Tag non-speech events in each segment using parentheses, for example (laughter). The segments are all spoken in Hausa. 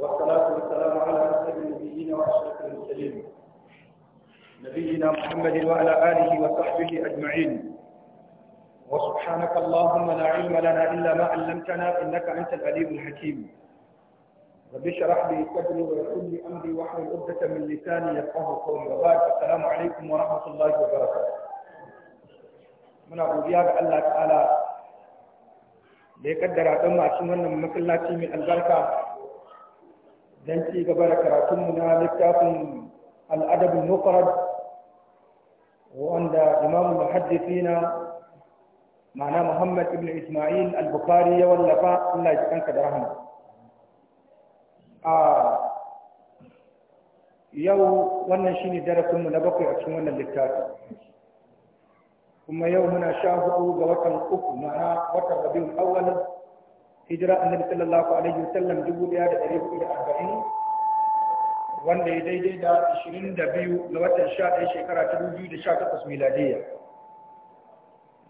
والصلاة والسلام على أسعد النبيين وأشرف المرسلين نبينا محمد وعلى آله وصحبه أجمعين وسبحانك اللهم لا علم لنا إلا ما علمتنا إنك أنت العليم الحكيم رب اشرح لي صدري ويسر لي أمري واحلل عقدة من لساني يفقه قولي وبارك السلام عليكم ورحمة الله وبركاته من أقول يا Allah تعالى ليقدر ya kaddara don masu wannan من mai dan ci gaba da karatunmu na littafin al'adabin mufarad wanda imamu muhaddisina ma'ana muhammad ibn ismail al-bukhari ya wallafa allah ya kanka da rahama a yau wannan shine darasinmu na bakwai a cikin wannan littafi. kuma yau muna sha hudu ga watan uku ma'ana watan rabiul awwal hijira annabi sallallahu alaihi wasallam dubu ɗaya da ɗari hudu da arba'in wanda ya daidai da ashirin da biyu ga watan sha ɗaya shekara ta dubu biyu da sha takwas miladiyya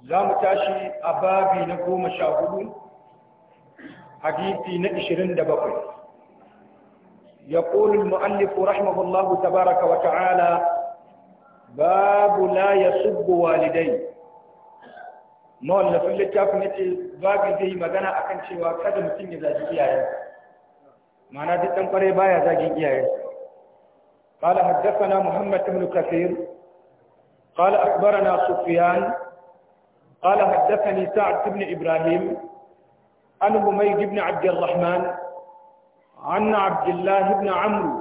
za mu tashi a babi na goma sha hudu hadisi na ashirin da bakwai يقول المؤلف رحمه الله تبارك وتعالى باب لا يسب والديه mawallafin littafin ya ce babu zai magana akan cewa kada mutum ya zagi iyayen ma'ana duk ɗan ƙwarai baya zagin iyayen قال حدثنا محمد بن كثير قال أخبرنا سفيان قال حدثني سعد بن إبراهيم عن هميد بن عبد الرحمن عن عبد الله بن عمرو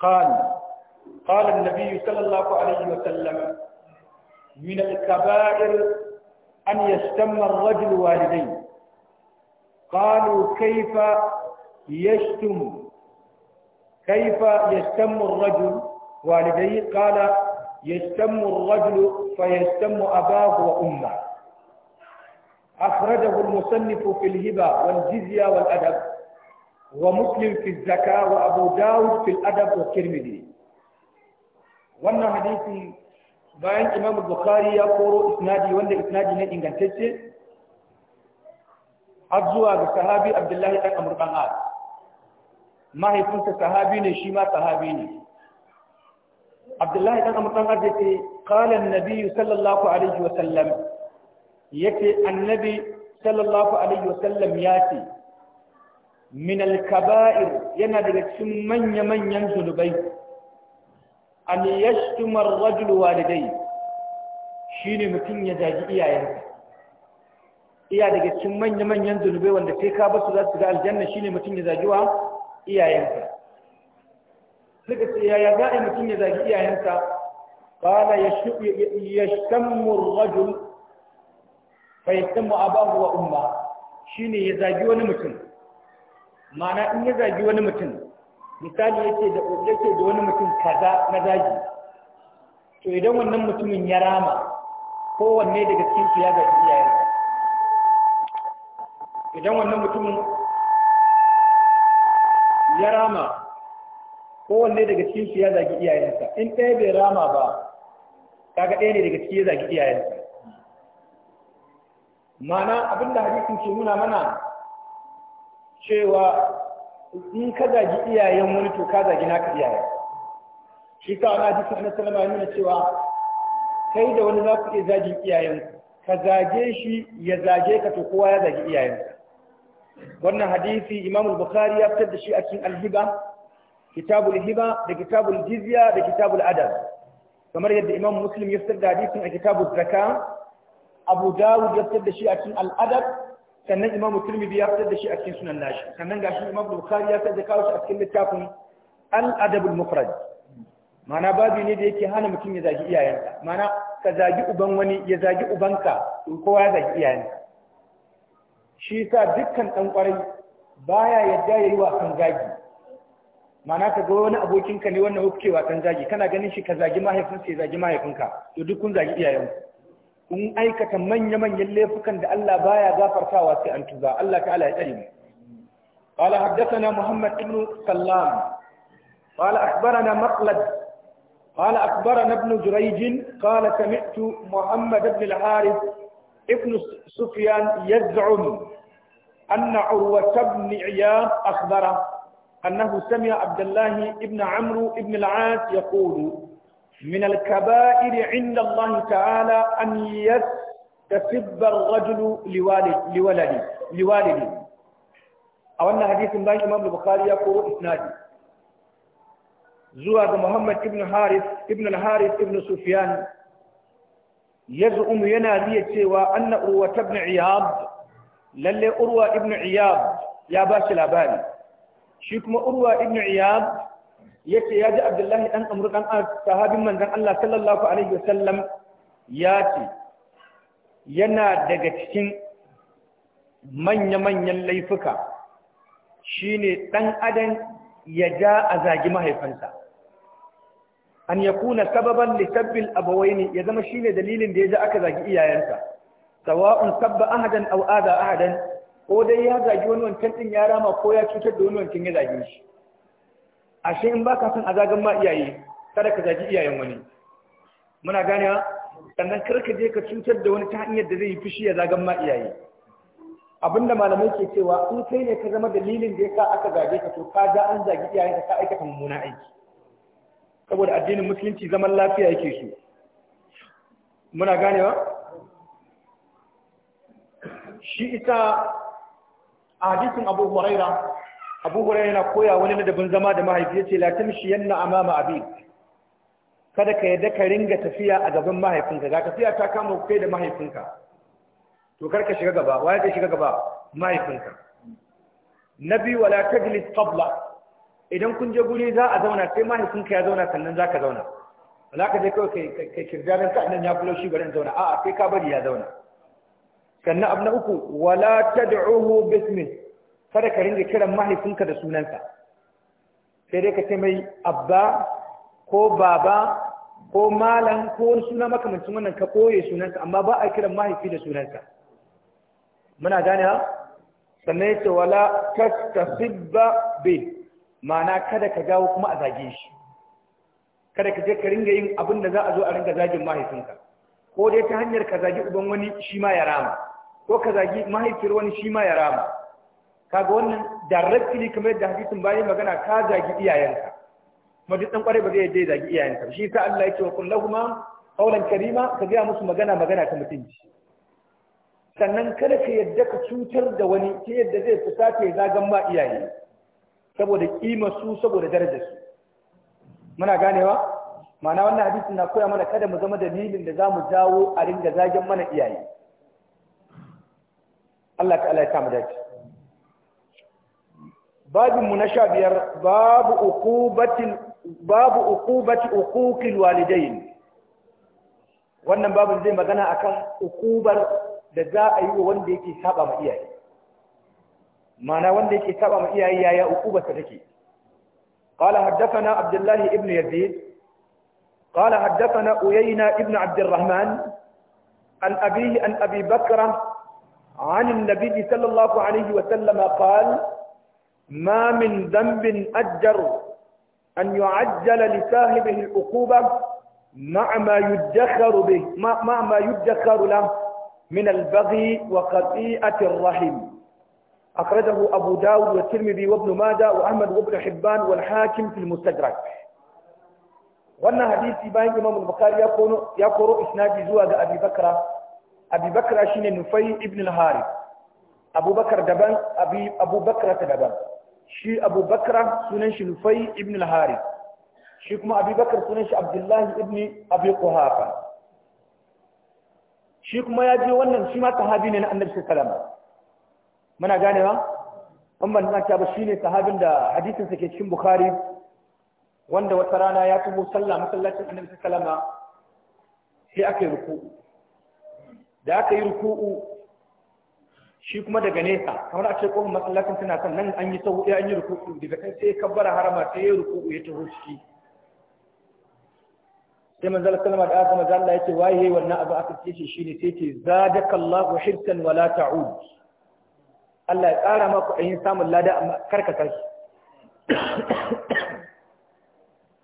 قال قال النبي صلى الله عليه وسلم من الكبائر أن يشتم الرجل والديه قالوا كيف يشتم كيف يشتم الرجل والديه قال يشتم الرجل فيشتم أباه وأمه أخرجه المصنف في الهبة والجزية والأدب ومسلم في الزكاة وأبو داود في الأدب والترمذي وأن حديثي bayan imam bukhari ya koro isnadi wanda isnadi ne ingantacce har zuwa ga sahabi abdullahi ɗan amr dan mahaifinsa sahabi ne shi ma sahabi ne abdullahi ɗan amr dan as yace qala an-nabi sallallahu alaihi wa sallam yace annabi sallallahu alaihi wa sallam yace min al-kaba'ir yana daga cikin manya-manyan zunubai an yashtumar rajul walidai shine mutum ya zagi iyayensa iya daga cikin manya-manyan zulube wanda sai ka basu za su ga aljanna shine mutum ya zagi wa iyayensa suka ce yaya ya a yi mutum ya zagi iyayensa qala yashtammu rajul fa yashtammu abahu wa umma shine ya zagi wani mutum ma'ana in ya zagi wani mutum misali yake da yake da wani mutum kaza na zagi to idan wannan mutumin ya rama kowanne daga cikin su ya ga iyayen idan wannan mutumin ya rama kowanne daga cikin su ya zagi iyayensa in ɗaya bai rama ba kaga ɗaya ne daga cikin ya zagi iyayensa ma'ana abinda hadisin ke nuna mana cewa in ka zagi iyayen wani to ka zagi naka iyayen shi ka wani hadisi na salama nuna cewa kai da wani za ku iya zagin iyayen ka zage shi ya zage ka to kowa ya zagi iyayen wannan hadisi imam bukhari ya fitar da shi a cikin alhiba kitabul hiba da kitabul jizya da kitabul adab kamar yadda imam muslim ya fitar da hadisin a kitabul zakka abu dawud ya fitar da shi a cikin al'adab sannan imamu turmidi ya fitar da shi a cikin sunan nashi sannan ga shi imamu bukhari ya fitar da kawo shi a cikin littafin al-adabul mufrad ma'ana babu ne da yake hana mutum ya zagi iyayensa ma'ana ka zagi uban wani ya zagi ubanka in kowa ya zagi iyayensa shi sa dukkan dan kwarai baya yadda yayi wasan zagi ma'ana ka ga wani abokinka ne wannan kuke wasan zagi kana ganin shi ka zagi mahaifinsa ya zagi mahaifinka to duk kun zagi iyayenku in aikata manya-manyan laifukan da Allah baya gafartawa sai an tuba Allah ta'ala ya tsare mu قال حدثنا محمد بن سلام قال أخبرنا مقلد قال أخبرنا ابن جريج قال سمعت محمد بن harith ابن سفيان يزعم أن عروة بن عياض أخبره أنه سمع عبد الله بن عمرو بن العاص يقول من الكبائر عند الله تعالى أن يستسب الرجل لوالد لولده لوالده أو أن حديث الله الإمام البخاري يقول إسنادي زوى محمد بن حارث ابن الحارث ابن سفيان يزعم ينادي سوى أن أروة بن عياض للي أروى ابن عياض يا باشا الأباني شيكم أروى ابن عياض ce ya ji abdullahi dan amru dan sahabin manzan Allah sallallahu alaihi wasallam ya ce yana daga cikin manya-manyan laifuka ne ɗan adam ya ja a zagi mahaifansa an yakuna sababan li abawaini ya zama shine dalilin da ya ja aka zagi iyayensa sawa'un sabba ahadan aw ada ahadan ko dai ya zagi wani wancan ɗin ya rama ko ya cutar da wani wancan ya zage shi ashe in baka son a ma iyaye kada ka zagi iyayen wani muna ganewa sannan kar ka je ka cutar da wani ta hanyar da zai yi fushi ya zagan ma iyaye abinda malamai ke cewa in kai ne ka zama dalilin da yasa aka zage ka to ka ga an zagi iyayen ka aikata mummuna aiki saboda addinin musulunci zaman lafiya yake so muna ganewa shi ita a hadisin abu huraira abu hurairah yana koya wani ladabin zama da mahaifi yace la tamshi yanna amama abi kada ka yadda ka ringa tafiya a gaban mahaifinka ga tafiya ta kama kai da mahaifinka to kar ka shiga gaba waye ka shiga gaba mahaifinka nabi wala tajlis qabla idan kun je guri za a zauna sai mahaifinka ya zauna sannan za ka zauna Wala ka je kawai kai kirjarin ka nan ya kulo shi bari in zauna a'a sai ka bari ya zauna sannan abu na uku wala tad'uhu bismihi kada ka ringa kiran mahaifinka da sunansa sai dai ka ce mai abba ko baba ko malam ko wani suna makamancin wannan ka koye sunansa amma ba a kiran mahaifi da sunansa muna gane ha sannan ya ce wala sibba be ma'ana kada ka gawo kuma a zage shi kada ka je ka ringa yin abin da za a zo a ringa zagin mahaifinka ko dai ta hanyar ka zagi uban wani shi ma ya rama ko ka zagi mahaifiyar wani shi ma ya rama kaga wannan directly kamar yadda hadisin bayan magana ka zagi iyayenka kuma dan kware ba zai je zagi iyayenka shi yasa Allah yake wa kullahuma qawlan karima ka ga musu magana magana ta mutunci sannan kada ka yadda ka cutar da wani ta yadda zai fusata ya zagan ma iyaye saboda kima su saboda darajar su muna ganewa ma'ana wannan hadisin na koya mana kada mu zama dalilin da za mu jawo a ringa zagen mana iyaye Allah ta'ala ya kama dace babinmu na sha biyar babu ukubati ukukil walidain wannan babin zai magana akan ukubar da za a yi wa wanda yake saba ma iyaye ma'ana wanda yake saba ma iyaye yaya ukubarsa take قال حدثنا عبد الله ابن يزيد قال حدثنا أيينا ابن عبد الرحمن عن أبيه عن أبي بكر عن النبي صلى الله عليه وسلم قال ما من ذنب أجر أن يعجل لصاحبه العقوبة مع ما يدخر به مع ما يدخر له من البغي وقطيئة الرحم أخرجه أبو داود والترمذي وابن ماجه وأحمد وابن حبان والحاكم في المستدرك wannan hadisi البخاري يقول يقول إسناد زواج أبي بكر أبي بكر شين نفي ابن ibn أبو بكر دبان أبي أبو بكر دبان shi abu bakra sunan shi nufai ibn al-hari shi kuma abu bakar sunan shi abdullahi ibn abu kuhafa shi kuma ya je wannan shi ma sahabi ne na annabi sallama muna gane ba an ban ta ba shine sahabin da hadisin sa ke cikin bukhari wanda wata rana ya tubo sallah masallacin annabi sallama sai aka yi ruku da aka yi ruku'u shi kuma daga nesa kamar a ce kofar masallacin tana kan nan an yi sau eh, an yi rukuku daga kan sai kabbara harama sai ya rukuku ya taho ciki sai manzal kalma da azama, manzal Allah yace waye wannan abu aka ce shi shine sai ce zadakallahu hirsan wala ta'ud Allah ya kara maka ayin samun lada amma karka kashi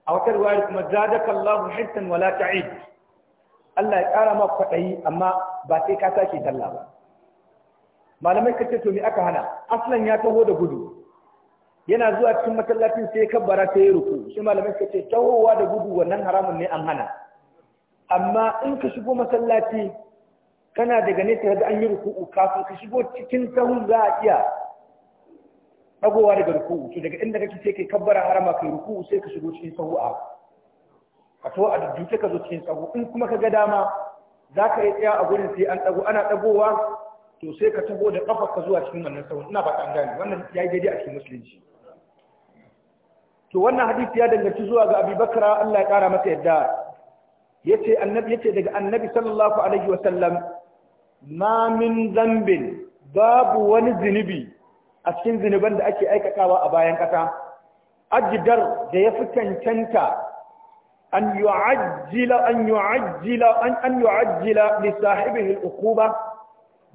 a wata riwaya kuma zadakallahu hirsan wala ta'id Allah ya kara maka kwadayi amma ba sai ka sake talla. ba malamai kace to me aka hana aslan ya taho da gudu yana zuwa cikin masallacin sai ya kabbara sai ya ruku shi malamai kace tahowa da gudu wannan haramun ne an hana amma in ka shigo masallaci kana daga nesa da an yi ruku'u kafin ka shigo cikin sahun za a iya dagowa daga ruku'u to daga inda kake sai kai kabbara harama kai ruku'u sai ka shigo cikin sahu a a to a dukkan ka zo cikin sahu in kuma ka ga dama za ka yi tsaya a gurin sai an dago ana dagowa to sai ka tabo da kafar ka zuwa cikin wannan sahun ina ba an gane wannan ya yi daidai a cikin musulunci to wannan hadisi ya danganci zuwa ga Abi Bakra Allah ya kara masa yadda yace annabi yace daga annabi sallallahu alaihi wa sallam ma min zambin babu wani zinubi a cikin zinuban da ake aikatawa a bayan kasa ajdar da ya fi cancanta an yu'ajjila an yu'ajjila an an yu'ajjila li sahibihi al-uquba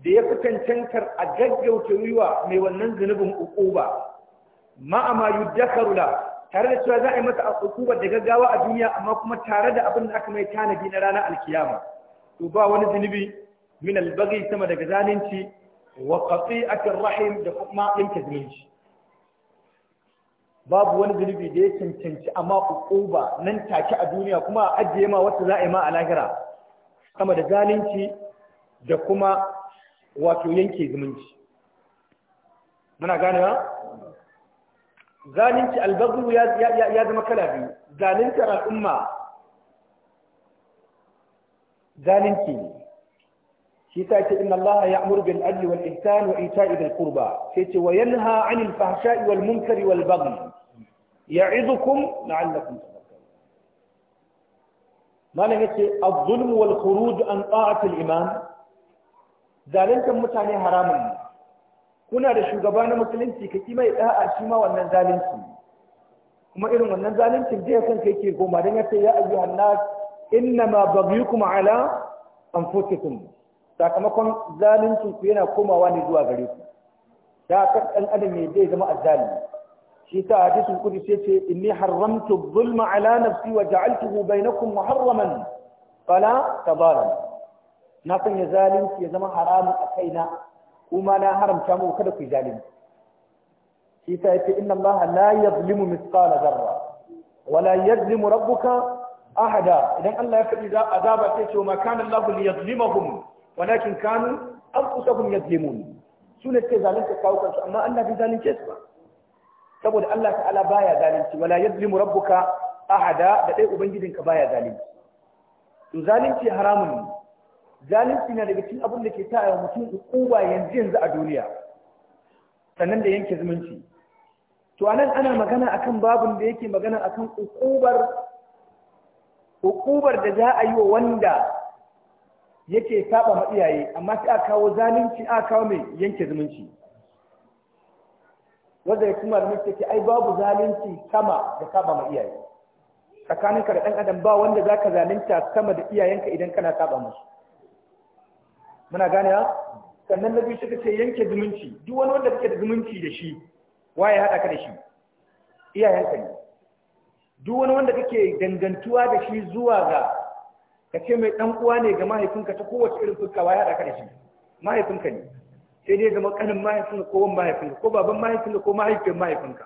da ya fi cancantar a gaggauta wiwa mai wannan zunubin ukuba ma'ama yuddakaru la tare da cewa za a yi masa ukuba da gaggawa a duniya amma kuma tare da abin da aka mai tanadi na ranar alkiyama to ba wani zunubi min albagi sama daga zalunci wa qati'atir rahim da kuma ɗinka zumunci babu wani zunubi da ya cancanci amma ukuba nan take a duniya kuma a ajiye ma wata za a yi ma a lahira sama da zalunci da kuma wato yanke zumunci muna ganewa zalunci albazu ya zama kala biyu zaluntar al'umma zalunci ne shi ta ce inna Allah ya amuru bil adli wal ihsan wa ita'i bil qurba sai ce wa yanha 'anil fahsha'i wal munkari wal baghi ya'idukum la'allakum tadhakkarun malam yace az-zulm wal khuruj an ta'ati al imam zaluntar mutane haramun ne kuna da shugaba na musulunci ka kima ya da'a shi ma wannan zalunci kuma irin wannan zaluncin da ya kanka yake goma don ya ce ya ayyuhan nas innama baghiyukum ala anfusikum sakamakon zaluncin ku yana komawa ne zuwa gare ku da kan dan adam ne zai zama azzalimi shi ta hadisin qudsi yace inni harramtu dhulma ala nafsi wa ja'altuhu bainakum muharraman fala tadalamu na sanya zalunci ya zama haramun a kaina kuma na haramta muku kada ku yi zalunci shi ta yace inna allaha la yazlimu mithqala dharra wala yazlimu rabbuka ahada idan Allah ya faɗi azaba sai ce ma kana Allah li yazlimahum walakin kanu anfusahum yazlimun su ne suke zalunta kawo kansu amma Allah bai zalunce su ba saboda Allah ta'ala baya zalunci wala yazlimu rabbuka ahada da dai ubangijinka baya zalunci to zalunci haramun ne zalunci na daga cikin abin da ke sa mutum ukuwa yanzu yanzu a duniya sannan da yanke zumunci to anan ana magana akan babun da yake magana akan ukubar ukubar da za a yi wa wanda yake saba ma iyaye amma sai a kawo zalunci a kawo mai yanke zumunci wanda ya kuma rumin ce ai babu zalunci sama da saba ma iyaye tsakaninka da ɗan adam ba wanda zaka zalunta sama da iyayenka idan kana saba musu muna gane sannan na biyu suka ce yanke zumunci duk wani wanda kake da zumunci da shi waye haɗa ka da shi iyayenka ne duk wani wanda kake dangantuwa da shi zuwa ga ka ce mai ɗan uwa ne ga mahaifinka ta kowace irin fuska waye haɗa ka da shi mahaifinka ne sai dai zama ƙanin mahaifinka ko wani mahaifinka ko baban mahaifinka ko mahaifin mahaifinka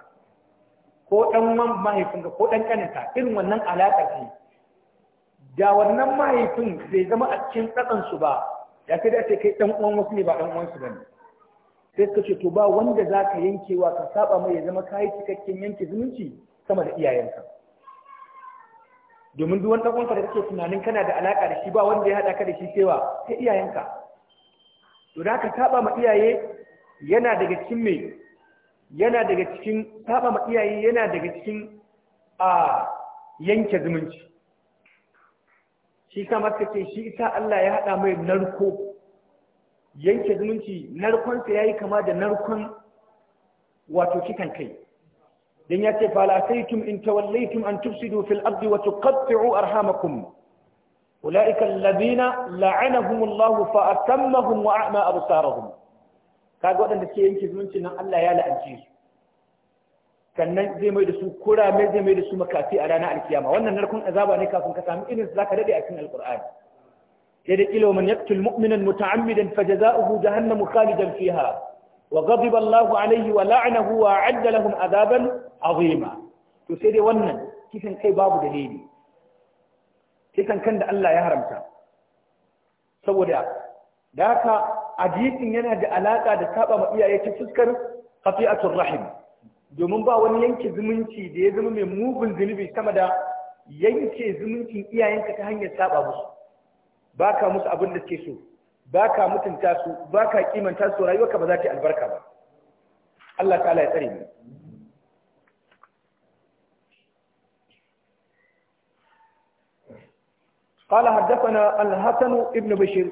ko ɗan man mahaifinka ko ɗan ƙaninka irin wannan alaƙa ce da wannan mahaifin bai zama a cikin su ba ya kai dace kai dan uwan wasu ne ba dan uwan ba bane sai suka ce to ba wanda za zaka yankewa ka saba mai ya zama kayi cikakken yanke zumunci sama da iyayenka domin duk wani da kake tunanin kana da alaka da shi ba wanda ya hada ka da shi cewa sai iyayenka to da ka saba ma iyaye yana daga cikin me yana daga cikin saba ma iyaye yana daga cikin a yanke zumunci shi kama ka ce shi isa Allah ya haɗa mai narko yanke zumunci narkonsa ya yi kama da narkon wato kikan kai don ya ce falasaitum in tawallaitum an tufsidu fil ardi wa tuqatti'u arhamakum أولئك الذين لعنهم الله فأتمهم وأعمى kaga كاغو suke دكي zumunci زمنتي allah ya يا su sannan zai mai da su kurame zai mai da su makafi a ranar alkiyama wannan narkon azaba ne kafin ka sami irin zaka dade a cikin alqur'ani sai da ilo man yaqtul mu'minan muta'ammidan fajaza'uhu jahannamu khalidan fiha wa ghadiba Allahu alayhi wa la'anahu wa a'adda lahum azaban azima to sai dai wannan kisan kai babu dalili kisan kan da Allah ya haramta saboda da haka hadisin yana da alaka da saba ma iyaye ta fuskar qati'atul rahim domin ba wani yanke zumunci da ya zama mai mugun zunubi sama da yanke zumuncin iyayenka ta hanyar saba musu ba ka musu abin da ke so ba ka mutunta su ba ka kimanta su rayuwarka ba za ta yi albarka ba Allah ta'ala ya tsare mu قال حدثنا الحسن ابن بشير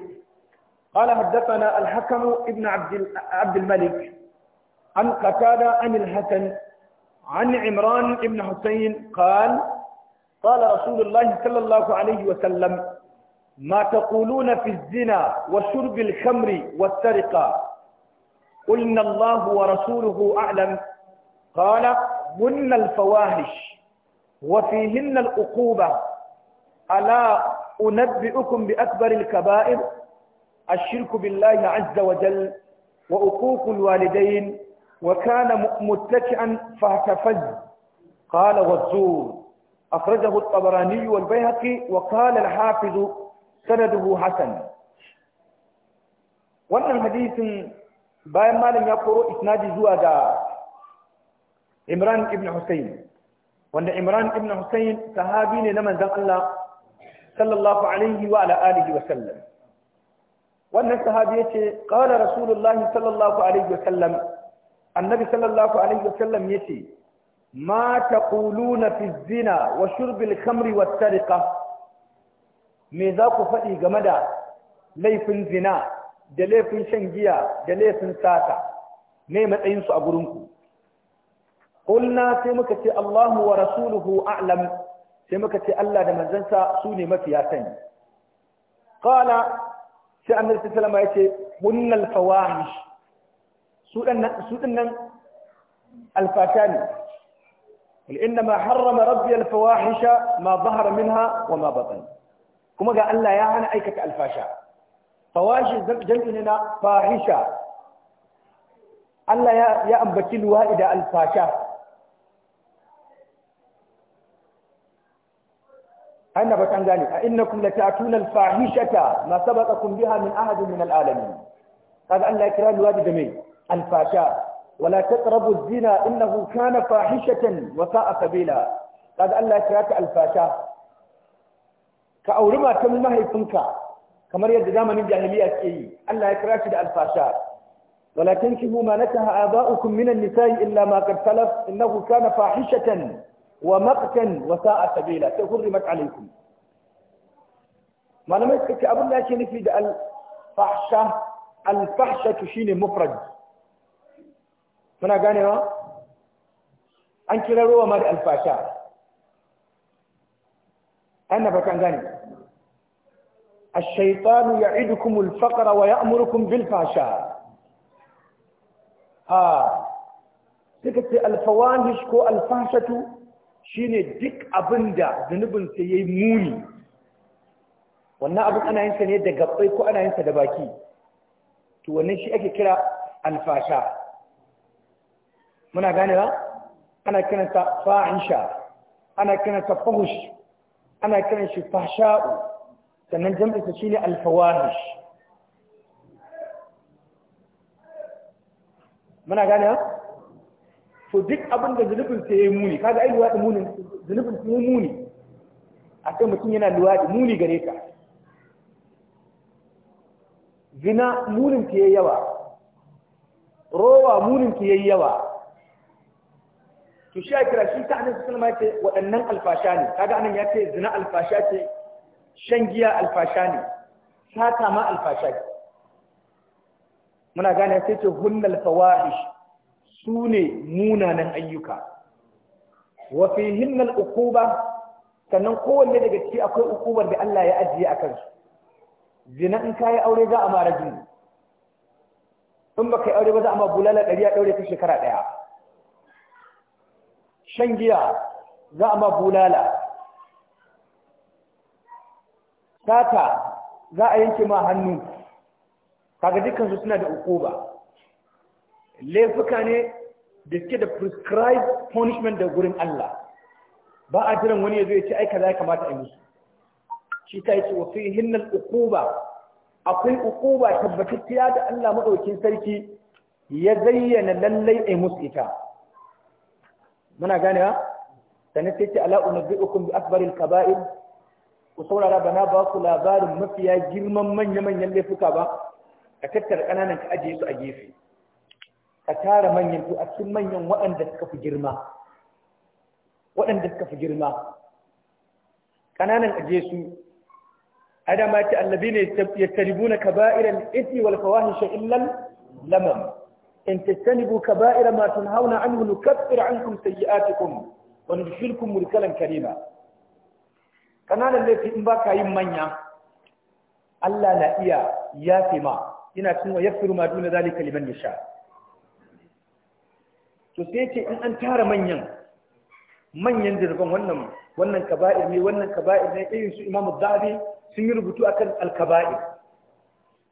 قال حدثنا الحكم ابن عبد عبد الملك عن قتادة عن الحسن عن عمران بن حسين قال قال رسول الله صلى الله عليه وسلم ما تقولون في الزنا وشرب الخمر والسرقة قلنا الله ورسوله أعلم قال هن الفواحش وفيهن العقوبة ألا أنبئكم بأكبر الكبائر الشرك بالله عز وجل وعقوق الوالدين وكان متكئا فاهتفز قال والزور أخرجه الطبراني والبيهقي وقال الحافظ سنده حسن wannan hadisin bayan malam ya koro isnadi zuwa ga Imran ibn Hussein wanda Imran ibn Hussein sahabi ne na manzon Allah sallallahu alaihi wa sallam wannan sahabi yace qala rasulullah sallallahu alaihi wa sallam annabi sallallahu alaihi wasallam yace ma taquluna fi zina wa shurbil khamri wat tariqa me za ku faɗi game da laifin zina da laifin shan giya da laifin sata me matsayin su a gurinku. ku sai muka ce Allahu wa rasuluhu a'lam sai muka ce Allah da manzansa su ne mafiya sani qala sai annabi sallallahu alaihi wasallam yace hunnal fawahish su ɗinnan alfata ne innama harrama rabbi alfawahisha ma zahara minha wa ma batan kuma ga Allah ya hana aikata alfasha fawashi jam'i ne na fahisha Allah ya ambaci luwaɗi da alfasha أنا بتنجاني أئنكم لتأتون الفاحشة ما سبقكم بها من أحد من العالمين قال أن لا إكرام الواد دمي الفاشاء ولا تقربوا الزنا إنه كان فاحشة وساء سبيلا قال الله كراك الفاشاء كأورما تم ما يفنك كما يد زمن الجاهلية كي الله كراك الفاشاء ولا تنكحوا ما نكح آباؤكم من النساء إلا ما قد سلف إنه كان فاحشة ومقتا وساء سبيلا تغرمت عليكم ما لم يسكت أبو الله شيء نفيد الفحشة الفحشة شيء مفرد muna ganewa an kira ruwa ma da alfasha an na fakan gane الشيطان يعدكم الفقر ويأمركم بالفحشاء ها سكت الفواحش كو الفحشة shine duk abinda zunubin sa yi muni wannan abin ana yinsa ne da gabbai ko ana yinsa da baki to wannan shi ake kira alfasha muna gane ba ana kiransa fahisha ana kiransa fahush ana kiran shi fahsha'u sannan jam'insa shine alfawahish muna gane ba to duk abin da zunubin sai ya muni kaga ai luwadi muni zunubin sai ya muni akan mutum yana luwadi muni gare ka zina munin ta yayi yawa rowa munin ta yayi yawa to shi ya kira shi ta annabi sallallahu alaihi waɗannan alfasha ne kaga anan ya ce zina alfasha ce shan giya alfasha ne sata ma alfasha ne muna gane sai ce hunnal fawahish Sune munanan ayyuka wa fihin al uquba sannan kowanne daga ciki akwai ukubar da Allah ya ajiye a kansu zina in kayi aure za a mara jini in baka yi aure ba za a ma bulala ɗari a ɗaure ta shekara ɗaya shan giya za a ma bulala sata za a yanke ma hannu kaga dukansu suna da ukuba laifuka ne da suke da prescribed punishment da gurin Allah ba a jiran wani ya zo ya ce aika za a kamata a yi musu shi ta yi wa fi hinnal ukuba akwai ukuba tabbatacciya da Allah maɗaukin sarki ya zayyana lallai ai musu ita muna ganewa sannan sai ce ala ukun bi akbaril kaba'ir ku saurara ba na ba ku labarin mafiya girman manya-manyan laifuka ba ka tattara ƙananan ka ajiye su a gefe ka tara manyan to a cikin manyan waɗanda suka fi girma waɗanda suka fi girma ƙananan ajiye su adama ta allabi ne ya taribu na kaba'iran isi wal fawahisha illal lamam إن تجتنبوا كبائر ما تنهون عنه نكفر عنكم سيئاتكم وندخلكم ملكا كريما كان الذي في إنباك يمنع الله لا إيا يافما ina cin wa yafiru ma duna zalika liman yasha to sai ce in an tara manyan manyan dirban wannan wannan kaba'ir ne wannan kaba'ir ne irin su sun yi rubutu akan al-kaba'ir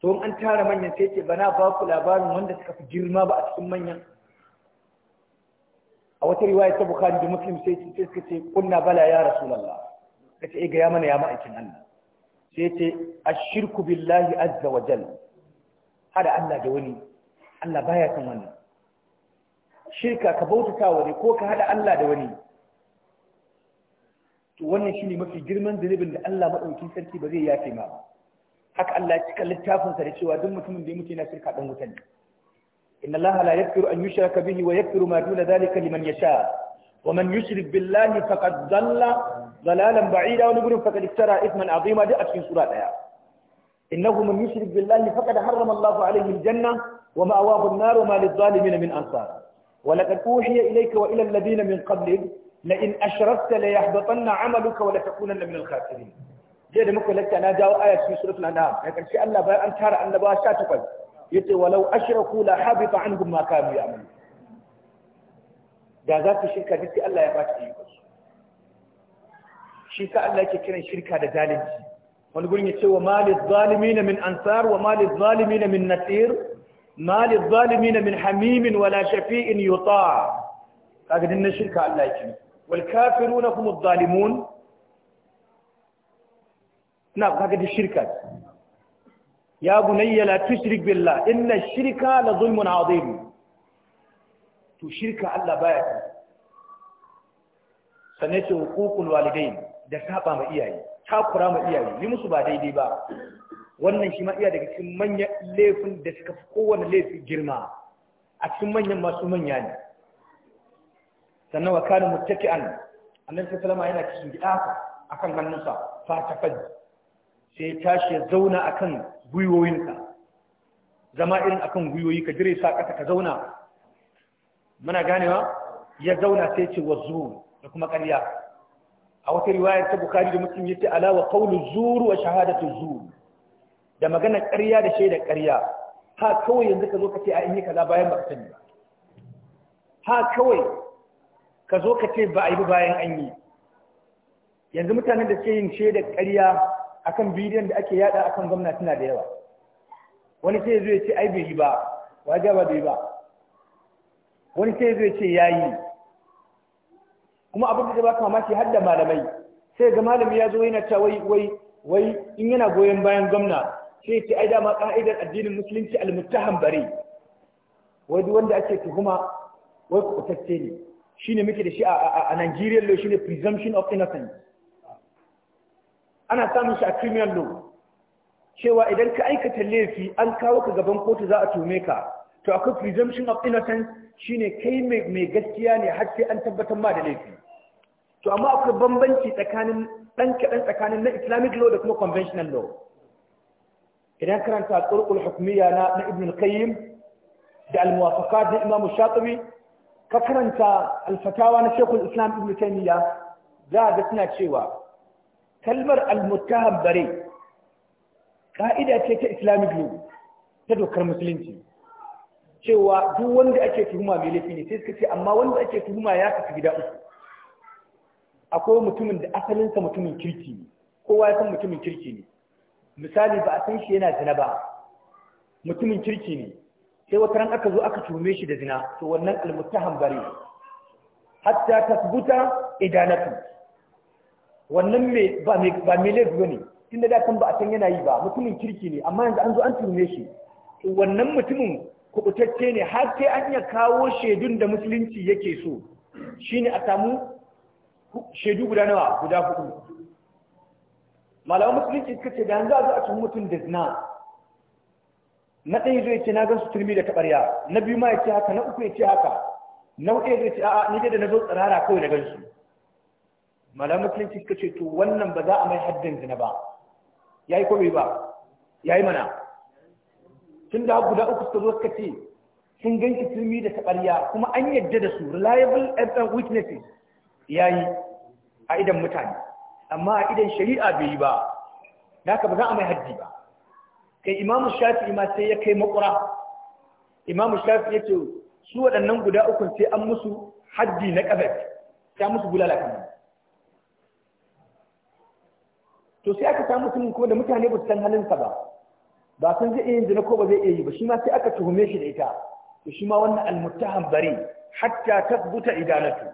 to an tara manyan sai ce bana ba ku labarin wanda suka fi girma ba a cikin manyan a wata riwaya ta bukhari da muslim sai ce sai suka ce kunna bala ya rasulullah kace eh, ga ya mana ya ma aikin Allah sai ce ashirku billahi azza wa jalla hada Allah da wani Allah baya san wannan shirka ka bautata wani ko ka hada Allah da wani to wannan shine mafi girman zunubin da Allah madaukakin sarki ba zai yafe ma ba haka Allah ya cika littafinsa da cewa duk mutumin da ya mutu yana shirka dan wuta ne inna Allah la yaghfiru an yushraka bihi wa yaghfiru ma duna dhalika liman yasha wa man yushrik billahi faqad dhalla dhalalan ba'ida wa nugrun faqad iftara ithman azima da a cikin sura daya innahu man yushrik billahi faqad harrama Allah alayhi aljanna wa ma'awahu an-nar wa ma lidh-dhalimin min ansar ولقد أوحي إليك وإلى الذين من قبلك لئن أشركت ليحبطن عملك ولتكونن من الخاسرين jiya da muka lakta na jawo aya cikin suratul an'am na karshe Allah bayan an tara annabawa 18 yace walau ashraku la habita anhum ma kanu ya'malu da za su shirka duk Allah ya bata ayyukan su shi ka Allah yake kiran shirka da zalunci wani gurin yace wa malil zalimin min ansar wa malil zalimin min nasir malil zalimin min hamim wala shafi'in yuta kaga dinnan shirka Allah yake wal kafiruna hum adh-dhalimun na kaga da shirka ya bunayya la tushrik billah inna shirka la zulmun azim to shirka Allah baya ta sanne ce hukukul walidain da saba ma iyaye takura ma iyaye yi musu ba daidai ba wannan shi ma iya daga cikin manyan laifin da suka fi kowane laifi girma a cikin manyan masu manya ne sannan wa kana muttaki'an annabi sallallahu alaihi wasallam yana cikin gida akan hannunsa fa tafaddi sai ya tashi ya zauna a kan gwiwoyinka zama irin akan gwiwoyi ka jire sa ƙasa ka zauna muna ganewa ya zauna sai ce wa zuru da kuma ƙarya a wata riwayar ta bukari da mutum ya ce alawa qawlu zuru wa shahadatu zuru da magana ƙarya da shaida ƙarya ha kawai yanzu ka zo ka ce a in yi kaza bayan baka sani ba ha kawai ka zo ka ce ba a yi bayan an yi yanzu mutanen da ke yin shaidar ƙarya akan bidiyon da ake yada akan gwamna tana da yawa wani sai zai ce ai bai yi ba waje ba bai ba wani sai zai ce yayi kuma abin da ba ka har da malamai sai ga malami ya zo yana ta wai wai wai in yana goyon bayan gwamna sai ce ai dama ka'idar addinin musulunci almuttaham bare wai duk wanda ake tuhuma wai kubutacce ne shine muke da shi a Nigeria law shine presumption of innocence ana samun shi a criminal law cewa idan ka aikata laifi an kawo ka gaban kotu za a tume ka to akwai presumption of innocence shine kai mai gaskiya ne har sai an tabbatar ma da laifi to amma akwai bambanci tsakanin dan kaɗan tsakanin na islamic law da kuma conventional law idan karanta turqul hukmiyya na na ibn al-qayyim da al-muwafaqat imam shatibi ka karanta al-fatawa na shaykhul islam ibn taymiya za ga suna cewa kalmar almuttaham bare ka'ida ce ta islamic law ta dokar musulunci cewa duk wanda ake tuhuma mai laifi ne sai suka ce amma wanda ake tuhuma ya kafi gida uku akwai mutumin da asalinsa mutumin kirki ne kowa ya san mutumin kirki ne misali ba a san shi yana zina ba mutumin kirki ne sai wata ran aka zo aka tuhume shi da zina to wannan almuttaham bare hatta tasbuta idanatu wannan mai ba mai ba mai laifi bane tunda da kan ba a san yana yi ba mutumin kirki ne amma yanzu an zo an tume shi wannan mutumin kubutacce ne har sai an ya kawo shaidun da musulunci yake so shine a samu shaidu guda nawa guda hudu malaman musulunci suka ce da yanzu a zo a cikin mutum da zina na ɗaya zai ce na gan su turmi da taɓarya na biyu ma ya ce haka na uku ya ce haka na hudu ya ce a'a ni dai da na zo tsirara kawai na gan su malamin musulunci suka ce to wannan ba za a mai haddin zina ba yayi ko bai ba yayi mana tun da guda uku suka zo suka ce sun ganki turmi da taɓarya kuma an yadda da su reliable evidence witnesses yayi a idan mutane amma a idan shari'a bai yi ba naka ba za a mai haddi ba kai imamu shafi'i ma sai ya kai makura imamu shafi'i yace su waɗannan guda uku sai an musu haddi na ƙazaf ta musu bulala kan to sai aka samu mutumin kuma da mutane ba su san halinsa ba ba sun zai iya yin zina ko ba zai iya yi ba shi ma sai aka tuhume shi da ita to shi ma wannan almuttaham bari hatta tabbuta idanatu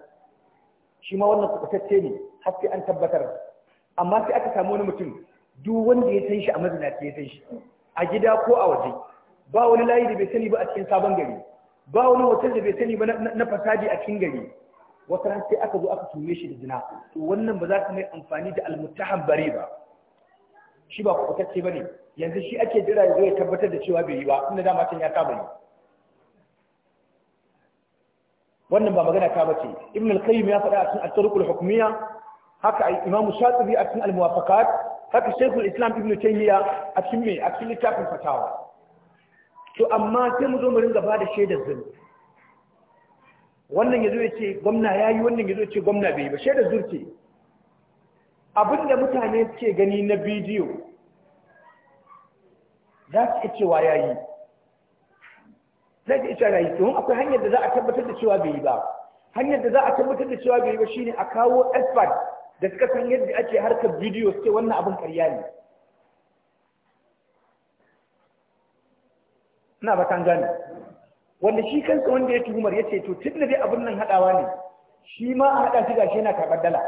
shi ma wannan kubatacce ne har sai an tabbatar amma sai aka samu wani mutum duk wanda ya san shi a mazinaci ya san shi a gida ko a waje ba wani layi da bai sani ba a cikin sabon gari ba wani hotel da bai sani ba na fasadi a cikin gari wata ran sai aka zo aka tume shi da zina to wannan ba za ka mai amfani da almutahan bare ba shi ba kwatacce ne. yanzu shi ake jira ya zo ya tabbatar da cewa bai yi ba inda dama can ya kama yi wannan ba magana ta bace ibn al-qayyim ya faɗa a cikin at-turuqul hukmiyya haka imam shatibi a cikin al-muwafaqat haka shaykhul islam ibn tayyiya a cikin me a cikin littafin fatawa to amma sai mu zo mu ringa da shaidar zin. wannan ya zo ya ce gwamna ya yi wannan ya zo ya ce gwamna bai yi ba shaidar zurce abin da mutane suke gani na bidiyo za su iya cewa ya yi za su iya cewa ya yi domin akwai hanyar da za a tabbatar da cewa bai yi ba hanyar da za a tabbatar da cewa bai yi ba shine a kawo expert da suka san yadda ake harkar bidiyo suke wannan abin karya ne ina ba kan gane wanda shi kansa wanda ya tuhumar ya ce to tun da dai abin nan haɗawa ne shi ma a haɗa shi gashi yana karɓar dala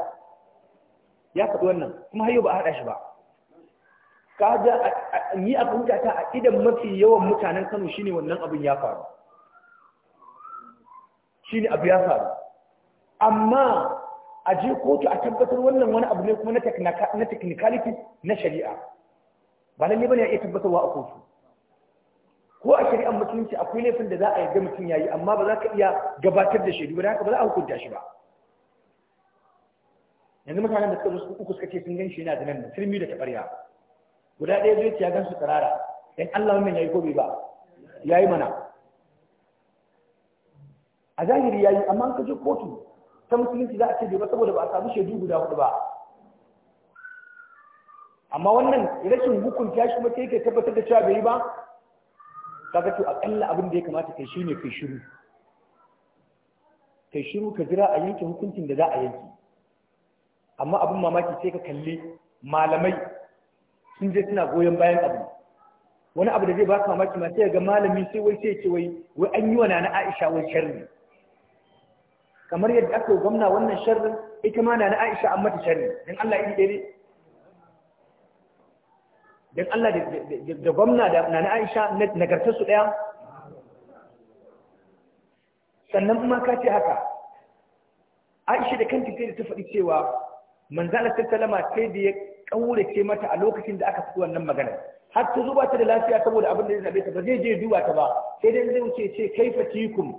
ya faɗi wannan kuma har yau ba a haɗa shi ba kaga ni a fahimta ta a idan mafi yawan mutanen Kano shine wannan abin ya faru shine abu ya faru amma a je kotu a tabbatar wannan wani abu ne kuma na technicality na shari'a ba lalle bane ya iya tabbatarwa a kotu ko a shari'ar musulunci akwai laifin da za a yarda mutum yayi amma ba za ka iya gabatar da shaidu ba haka ba za a hukunta shi ba yanzu mutanen da suka zo uku suka ce sun gan shi yana da nan sirmi da tabarya guda ɗaya zai ce ya gan su tsirara dan Allah wannan yayi ko bai ba yayi mana a zahiri yayi amma an je kotu ta musulunci za a ce bai ba saboda ba a samu shaidu guda hudu ba amma wannan rashin hukunta shi kuma yake tabbatar da cewa bai yi ba kaga to akalla abin da ya kamata kai shine kai shiru kai shiru ka jira a yanke hukuncin da za a yanke amma abin mamaki sai ka kalli malamai sun je suna goyon bayan abu wani abu da zai baka mamaki ma sai ga malami sai wai sai ce wai wai an yi wa nana Aisha wai sharri kamar yadda aka gwamna wannan sharrin ita ma nana Aisha an mata sharri dan Allah ya yi don Allah da gwamna da na Aisha nagartar su ɗaya sannan kuma ka ce haka Aisha da kanta sai da ta faɗi cewa manzala tattalama sai da ya ce mata a lokacin da aka fito wannan magana har ta zuba ta da lafiya saboda abin da ya zabe ta ba zai je duba ta ba sai dai zai wuce ce Kai tikum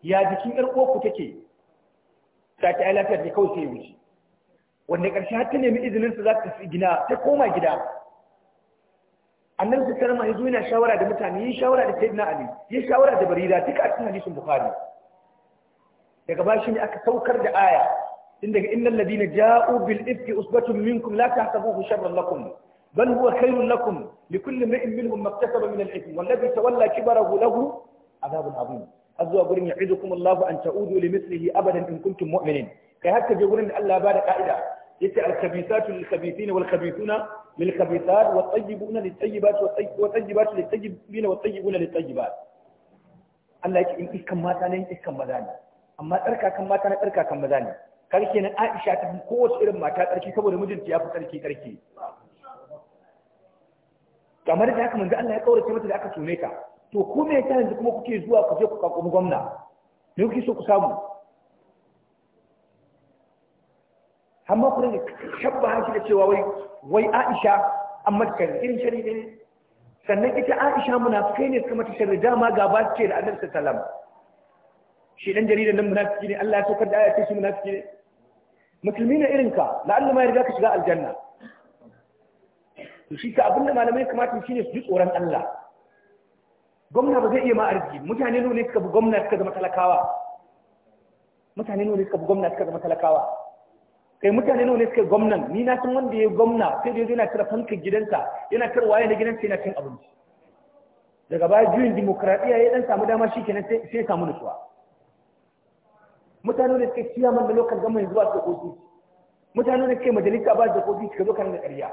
ya jikin yar ku take ta ta ai lafiya ta kawai sai ya wuce wanda ƙarshe har ta nemi izinin su za ta gina ta koma gida annabi su karama ya yana shawara da mutane yin shawara da sayyidina ali yin shawara da barira duka a cikin hadisin bukhari daga bashi ne aka saukar da aya inda ga innal ladina ja'u bil ifki usbatun minkum la tahsabuhu sharran lakum bal huwa khairun lakum likulli imrin minhum maktasaba min al ithm wal ladhi tawalla kibarahu lahu adhabun adhim azwa gurin ya'idukum Allah an ta'udu li mithlihi abadan in kuntum mu'minin kai haka je gurin da Allah ba da ka'ida yace al khabithatu lil khabithin wal khabithuna ملك الرسال والطيبون للطيبات والطيبات للطيبين والطيبون للطيبات الله Allah yake in iskan mata ne iskan maza ne amma tsarkakan mata na tsarkakan maza ne karke nan Aisha ta kowace irin mata tsarki saboda mijinta ya fi tsarki tsarki kamar da haka manzo Allah ya kaura ce mata da aka tune ta to ko me ta yanzu kuma kuke zuwa ku je ku kakumi gwamna ne kuke so ku samu amma ku ne shabba haki da cewa wai wai Aisha an mata irin sharri sannan ita Aisha muna munafikai ne suka mata shari'a, dama gaba ce da Annabi sallallahu alaihi shi dan jaridan nan munafiki ne Allah ya saukar da ayati shi munafiki ne musulmi na irin ka la'alla ma ya riga ka shiga aljanna to shi ka abinda malamai kamata shi ne su ji tsoron Allah gwamna ba zai iya ma arziki mutane nuna ne suka bi gwamna suka zama talakawa mutane nuna ne suka bi gwamna suka zama talakawa kai mutane nawa ne suka gwamnan ni na san wanda ya gwamna sai da yana cire fankar gidansa yana cire waye na gidansa yana cin abinci daga baya juyin demokradiya ya dan samu dama shikenan sai sai samu nutsuwa mutane ne suka ciya man da lokal gwamnati zuwa ta kofi mutane ne suka majalisa ba da kofi suka zo kan da ƙarya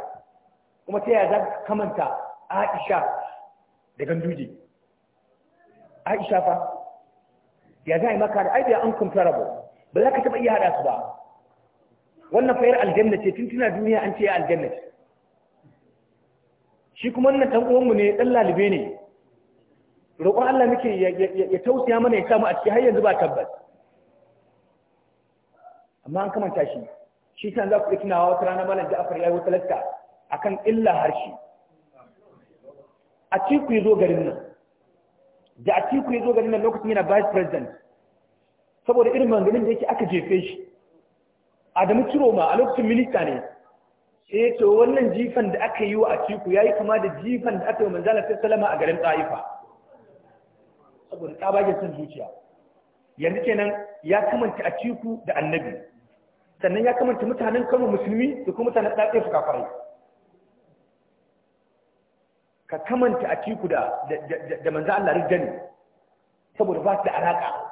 kuma sai ya za ka kamanta Aisha da ganduje Aisha fa ya za a yi maka da ai da an kuntarabo ba za ka taɓa iya hada su ba wannan fayar aljanna ce tun tuna duniya an ce ya aljanna ce shi kuma wannan ɗan uwanmu ne ɗan lalube ne roƙon Allah muke ya tausaya mana ya samu a ciki har yanzu ba tabbas amma an kamanta shi shi san za ku yi tunawa wata rana malam Ja'far ya yi wata lakka akan illa harshe a cikin ya zo garin nan da a cikin ya zo garin nan lokacin yana vice president saboda irin manganin da yake aka jefe shi Adamu Turoma a lokacin minista ne sai ya ce wannan jifan da aka yi wa ya yi kama da jifan da aka yi wa manzala Salama a garin Taifa saboda tsabagen son zuciya yanzu kenan ya kamanta ciku da Annabi sannan ya kamanta mutanen Kano musulmi da kuma mutanen Taifa kafirai ka kamanta a da da da manzo Allah rijani saboda ba su da alaƙa.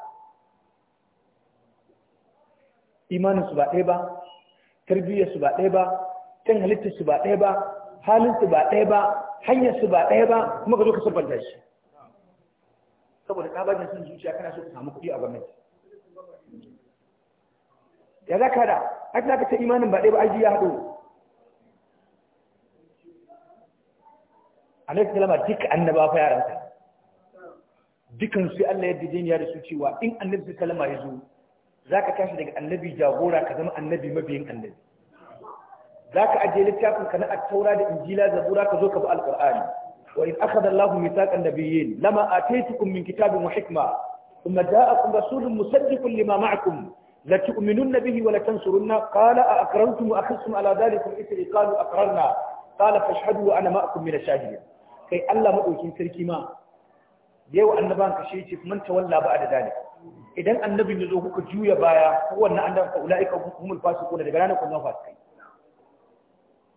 imaninsu ba ɗaya ba su ba ɗaya ba halittar su ba ɗaya ba halinsu ba ɗaya ba hanyarsu ba ɗaya ba kuma ka zo ka sabbanta shi saboda ka bajin sun zuciya kana so ka samu kuɗi a gwamnati ya za ka da a za ka ce imanin ba ɗaya ba aji ya haɗu alaihi salama duk annaba fa dukan su Allah ya dijiniya da su cewa in annabi salama ya zo za ka tashi daga annabi jagora ka zama annabi mabiyin annabi za ka ajiye littafin ka na attaura da injila zabura ka zo ka bi alqur'ani wa in akhadha Allahu mithaqan nabiyyin lama ataytukum min kitabin wa hikma thumma ja'akum rasulun musaddiqun lima ma'akum la tu'minunna bihi wa la tansurunna qala a aqrantum wa akhadhtum ala dhalikum ithri qalu aqrarna qala fashhadu wa ana ma'akum min ash kai Allah madaukin sarki ma yau annaban ka shi ce man walla ba da dalika idan annabin ya zo kuka juya baya kowanne annabin ka ula'ika humul fasiquna daga ranar kun zama fasikai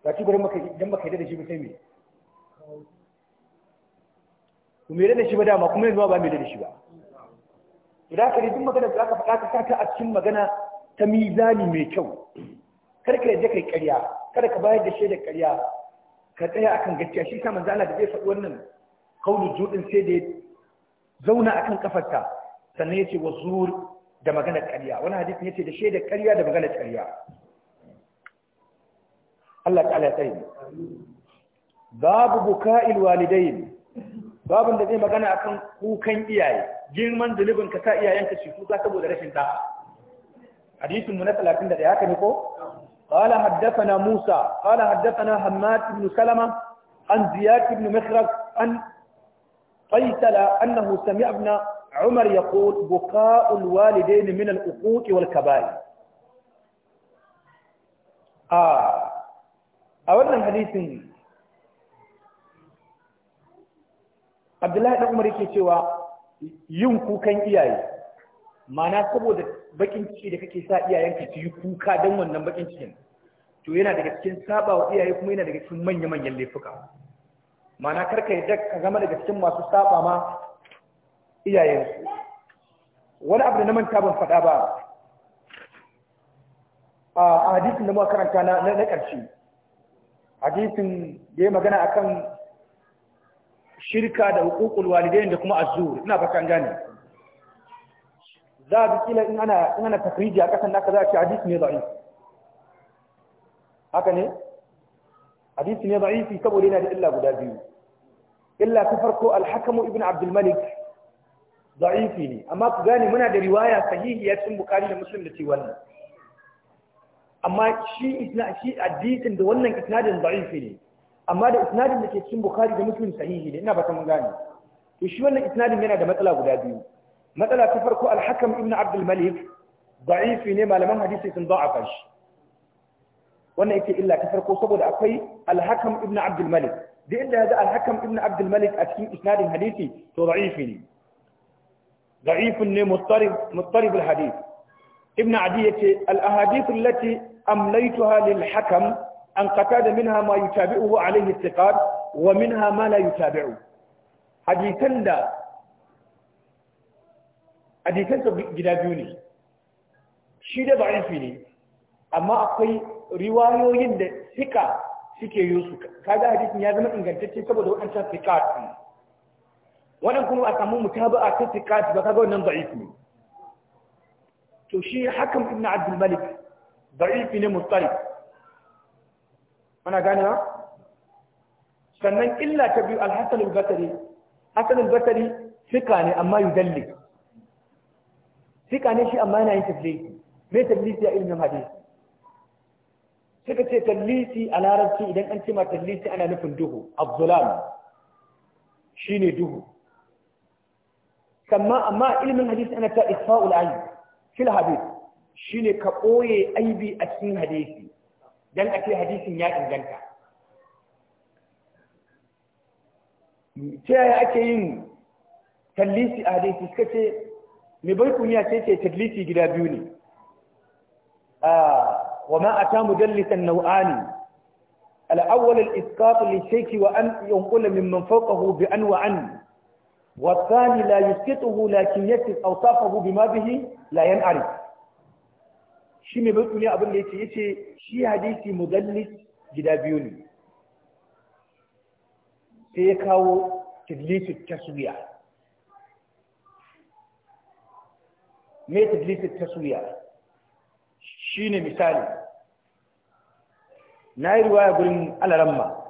ga ci gurin maka idan maka yadda da shi ba sai me ku me da shi ba dama kuma yanzu ba me da shi ba idan ka duk magana da zaka faɗa ka ta a cikin magana ta mizani mai kyau kar ka yadda kai ƙarya kada ka bayar da shaidar ƙarya ka tsaya akan gaskiya shi sa manzo Allah da zai faɗi wannan kaulu judin sai da zauna akan kafarta sannan ya ce wa zur da maganar ƙarya wani hadisi ce da shaidar ƙarya da maganar ƙarya Allah ta'ala ya tsare babu buka'il walidain babun da zai magana a kan kukan iyaye girman zulubin ka sa iyayenka shi kuka saboda rashin da'a hadisin mu na 31 haka ne ko قال حدثنا موسى قال حدثنا حماد بن سلمة عن زياد بن مخرج عن قيسل أنه سمع ابن عمر يقول بكاء الوالدين من الأقوط والكبائر آه أولا الحديث عبد الله بن عمر yake ينكو كان إياي ما ناسبه saboda bakin ciki da kake sa iyayenka su yi kuka don wannan bakin cikin to yana daga cikin saba wa iyaye kuma yana daga cikin manya-manyan laifuka ma'ana karka yadda ka zama daga cikin masu saba ma iyayensu wani abu da na manta ban faɗa ba a hadisin da muka karanta na na ƙarshe hadisin da ya magana akan shirka da hukukul walidain da kuma azur ina ba kan gane za a kila in ana in ana takriji a kasan naka za a ce hadisi ne da'if haka ne hadisi ne da'ifi saboda yana da illa guda biyu illa ta farko alhakamu ibn abdul malik da'ifi ne amma ku gane muna da riwaya sahihi ya cikin bukari da muslim da ce wannan amma shi isna shi hadisin da wannan isnadin da'ifi ne amma da isnadin da ke cikin bukari da muslim sahihi ne ina ba ta mun gane to shi wannan isnadin yana da matsala guda biyu matsala ta farko al-hakam ibn abd al-malik da'ifi ne malaman hadisi sun da'afa shi wannan yake illa ta farko saboda akwai al-hakam ibn abd al-malik da inda ya ga al-hakam ibn abd al-malik a cikin isnadin hadisi to da'ifi ne da'ifun ne mustarib al-hadith ibn adi ce al-ahadith allati amlaytuha lil hakam an qatada minha ma yutabi'uhu alayhi istiqad wa minha ma la yutabi'u hadithan da hadithan gida biyu ne shi da ne amma akwai riwayoyin da sika suke yi su kaga hadisin ya zama ingantacce saboda waɗancan fiqat wannan kuma a samu mutaba'a ta sikat ba kaga wannan da'if ne to shi hakan ibn abdul malik da'if ne mustarif ana gane ba sannan illa ta biyu al-hasan al-basri hasan al-basri sika ne amma yudalli sika ne shi amma yana yin tadlisi me tadlisi a ilmin hadisi suka ce tallisi a larabci idan an ce ma tallisi ana nufin duhu abzulam shi ne duhu كما أما علم الحديث أنا تأخفاء العين في الحديث شيني كأوي بي أسين حديثي دان أكي حديث يا إنجانتا تيا أكيين تدليسي أحديثي سكتي نبريكم يا تيتي تدليسي جدابيوني آه وما أتى مدلسا نوعان الأول الإسقاط للشيك وأن ينقل ممن فوقه بأنواع والثاني لا يسقطه لكن يكتب أوصافه بما به لا ينعرف shi mai bautuli abin da yake yace shi hadisi mudallis gida biyu ne sai ya kawo ta taswiya me tadlisu taswiya shine misali na yi ruwaya gurin alaramma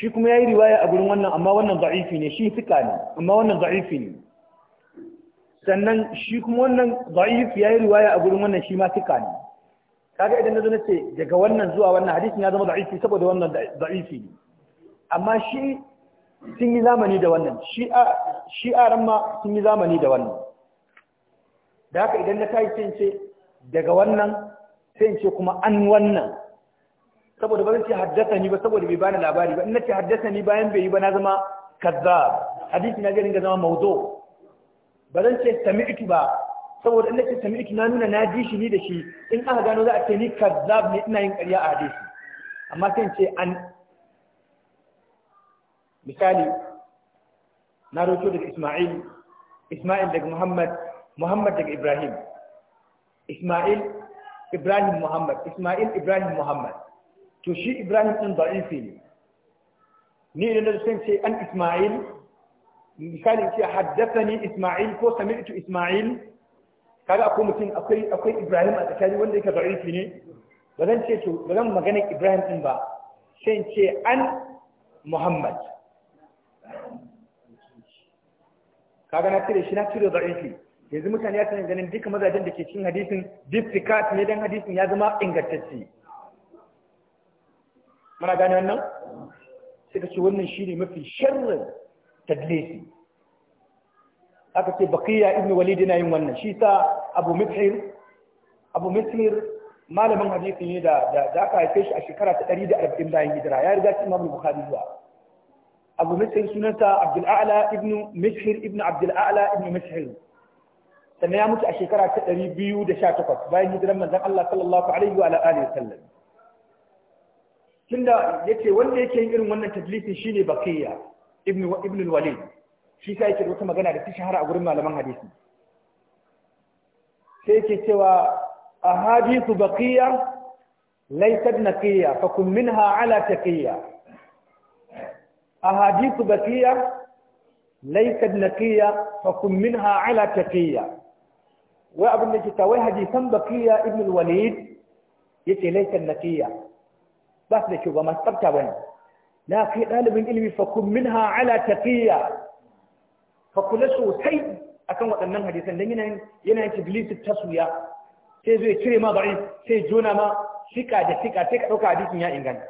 shi kuma yayi riwaya a gurin wannan amma wannan da'ifi ne shi fika ne amma wannan za'ifi ne sannan shi kuma wannan ya yayi riwaya a gurin wannan shi ma fika ne kaga idan nazo ce daga wannan zuwa wannan hadisin ya zama za'ifi saboda wannan za'ifi ne amma shi sun yi zamani da wannan shi a ma sun yi zamani da wannan da haka idan na kai sai ce daga wannan sai ce kuma an wannan saboda ba zan ce haddasa ni ba saboda bai bani labari ba in na ce haddasa ni bayan bai yi ba na zama kazzab hadisi na garin ga zama mawzo ba zan ce sami'tu ba saboda in na ce sami'tu na nuna na ji shi ni da shi in aka gano za a ce ni kazzab ne ina yin ƙarya a hadisi amma sai in ce an misali na roƙo daga Isma'il Isma'il daga Muhammad Muhammad daga Ibrahim Isma'il Ibrahim Muhammad Isma'il Ibrahim Muhammad to shi ibrahim ɗin ba ne ni idan da sun ce an isma'il misali ce haddasa ni isma'il ko sami'tu isma'il kaga akwai mutum akwai akwai ibrahim a tsakani wanda yake da'ifi ne ba zan ce to ba zan magana ibrahim ɗin ba sai ce an muhammad kaga na cire shi na cire da'ifi yanzu mutane ya tana ganin duka mazajen da ke cikin hadisin duk ne dan hadisin ya zama ingantacce muna gane wannan sai ka ce wannan shine mafi sharrin tadlisi aka ce baqiya ibn walid na yin wannan shi sa abu mithir abu mithir malamin hadisi ne da da aka haife shi a shekara ta 140 bayan hijira ya riga imam bukhari zuwa abu mithir sunansa abdul a'la ibn mithir ibn abdul a'la ibn mithir sannan ya mutu a shekara ta 218 bayan hijiran manzon Allah sallallahu alaihi wa alihi wasallam tunda yace wanda yake yin irin wannan tadlisin shine baqiya ibn ibn al-walid shi sai yake wata magana da ta a gurin malaman hadisi sai yake cewa ahadithu baqiya laysat naqiya fa kun minha ala taqiya ahadithu baqiya laysat naqiya fa kun minha ala taqiya wai abin da ke tawai hadisan baqiya ibn al-walid yace laysat naqiya ba su da kyau ba masu tsafta ba ne na kai ɗalibin ilimi fakun minha ala tafiya ka kula sosai akan waɗannan hadisan don yanayin yanayin ta suya, sai zai cire ma bari sai jona ma sika da sika sai ka ɗauka hadisin ya inganta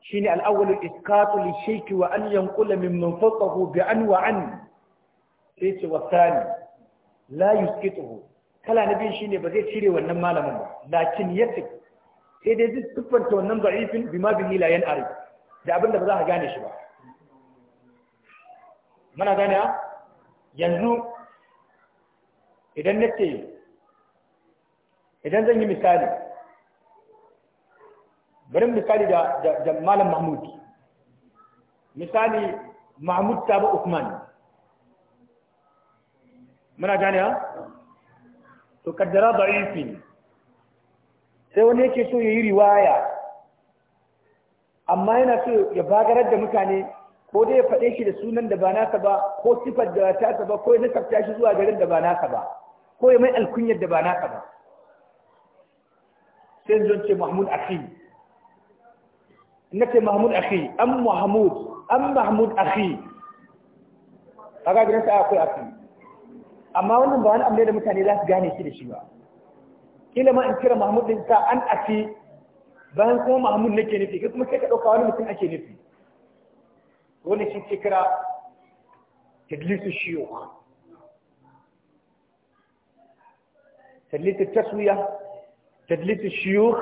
shine al'awwalul iskatu li shayki wa an yanqula mimman faqahu bi an wa an sai ce wasani la yusqituhu kala na biyu shine ba zai cire wannan malamin ba lakin sai dai duk siffanta wannan da'ifin bima bihi la ari. da abinda ba za ka gane shi ba mana gane yanzu idan nake, idan zan yi misali bari misali da da malam mahmud misali mahmud Tabu usman mana gane ha to kaddara da'ifi sai wani yake so ya yi riwaya amma yana so ya bagarar da mutane ko dai ya faɗe shi da sunan da ba nasa ba ko sifar da ta ta ba ko ya nasarta shi zuwa garin da ba nasa ba ko ya mai alkunyar da ba nasa ba sai zan ce mahmud akhi nake mahmud akhi am mahmud am mahmud akhi kaga sa akwai akhi amma wannan ba wani abu ne da mutane za su gane shi da shi ba kila ma in kira mahmud din sa an afi bayan kuma mahmud nake nufi kai kuma sai ka dauka wani mutum ake nufi wannan shi ke kira tadlisu shiyukh tadlisu taswiya tadlisu shiyukh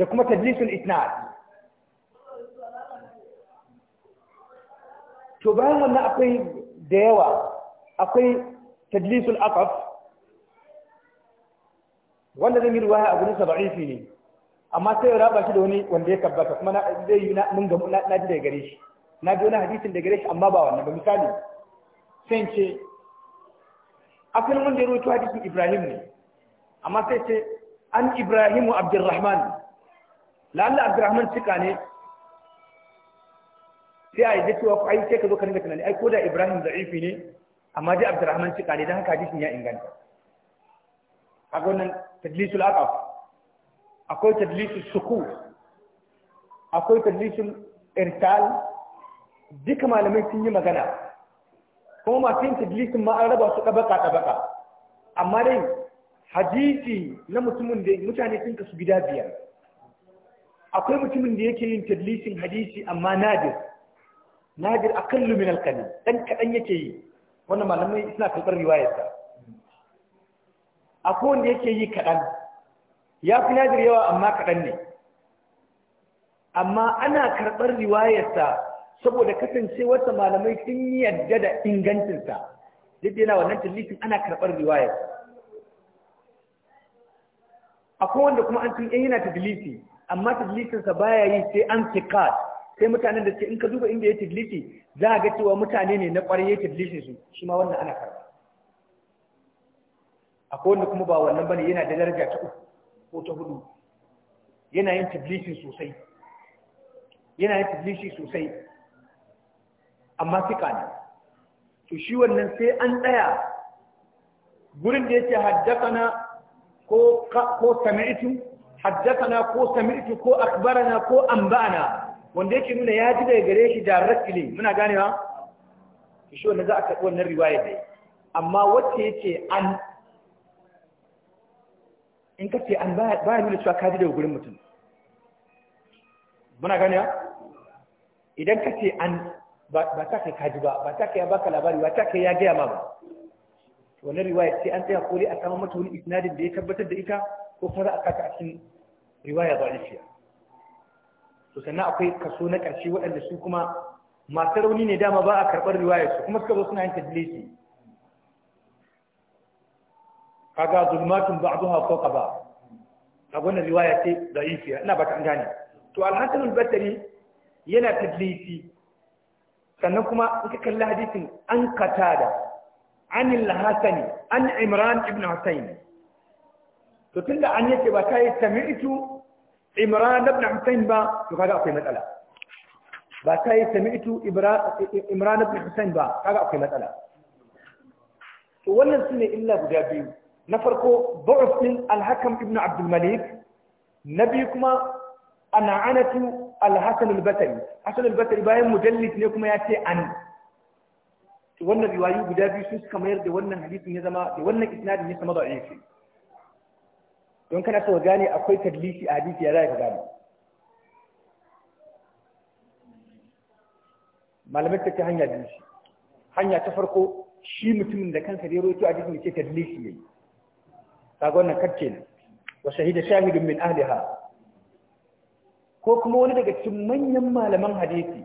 da kuma tadlisu al-itnad to bayan wannan akwai da yawa akwai tadlisul aqaf wanda zai yi ruwaya a gurin sa da'ifi ne amma sai ya raba shi da wani wanda ya tabbata kuma na zai yi mun ga na ji daga gare shi na ji wani hadisin daga gare shi amma ba wannan ba misali sai ce asalin wanda ya rawaito hadisin Ibrahim ne amma sai ce an Ibrahimu Abdurrahman lalla Abdurrahman cika ne sai a yi da cewa ai sai ka zo ka ringa ne ai ko da Ibrahim da'ifi ne amma dai Abdurrahman cika ne dan haka hadisin ya inganta kaga wannan tadlisul aqaf akwai tadlisul suku akwai tadlisul irtal duka malamai sun yi magana kuma masu yin tadlisin ma an raba su tabaka tabaka amma dai hadisi na mutumin da mutane sun kasu gida biyar akwai mutumin da yake yin tadlisin hadisi amma nadir nadir akan min alqalil dan kadan yake yi wannan malamai suna karɓar riwayarsa akwai wanda yake yi kaɗan ya fi nadir yawa amma kaɗan ne amma ana karɓar riwayarsa saboda kasance wata malamai sun yi yadda da ingancinsa duk yana wannan tallifin ana karɓar riwayarsa akwai wanda kuma an tun yana tadlifi amma tadlifinsa baya yi sai an tikat sai mutanen da ce in ka duba inda ya tadlifi za a ga cewa mutane ne na ƙwarai ya tadlifin su shi ma wannan ana karɓa akwai wanda kuma ba wannan bane yana da daraja ta uku ko ta hudu yana yin tablishi sosai yana yin tablishi sosai amma fika ne to shi wannan sai an tsaya gurin da yake haddakana ko ko sami'tu haddakana ko sami'tu ko akbarana ko anba'ana wanda yake nuna ya ji daga gare shi directly muna ganewa to shi wannan za a karɓi wannan riwaya dai amma wacce yake an in ka ce an baya nuna cewa kaji daga gurin mutum muna gani ya? idan ka ce an ba ta kai kaji ba ba ta kai ya baka labari ba ta kai ya gaya ma ba Wani riwaya sai an tsaya kore a saman mata wani isnadin da ya tabbatar da ita ko kuma za a kaka a cikin riwaya ba lafiya. to sannan akwai kaso na ƙarshe waɗanda su kuma masu rauni ne dama ba a karɓar riwayar su kuma suka zo suna yin tadlisi kaga zulmatun ba'daha fawqa ba a wannan riwaya ce da ifiya ina baka an gane to al-hasan al-basri yana tadlisi sannan kuma in ka kalli hadisin an katada an al-hasani an imran ibn husayn to tunda an yake ba kai sami'tu imran ibn husayn ba to kaga akwai matsala ba kai sami'tu imran ibn husayn ba kaga akwai matsala to wannan sune illa guda biyu na farko ba'uf din al-hakam ibn Abdulmalik, na biyu kuma a al-hasan al-basri hasan al-basri bayan mujallid ne kuma ya ce an wannan riwayu guda biyu sun suka mayar da wannan hadisin ya zama da wannan isnadin ya zama da'ifi don kana so gane akwai tadlisi a hadisi ya zai ka gane malamai ta ce hanya biyu hanya ta farko shi mutumin da kanka da ya roto a jikin ce tadlisi ne kaga wannan kacce ne wa shahida shahidun min ahliha ko kuma wani daga cikin manyan malaman hadisi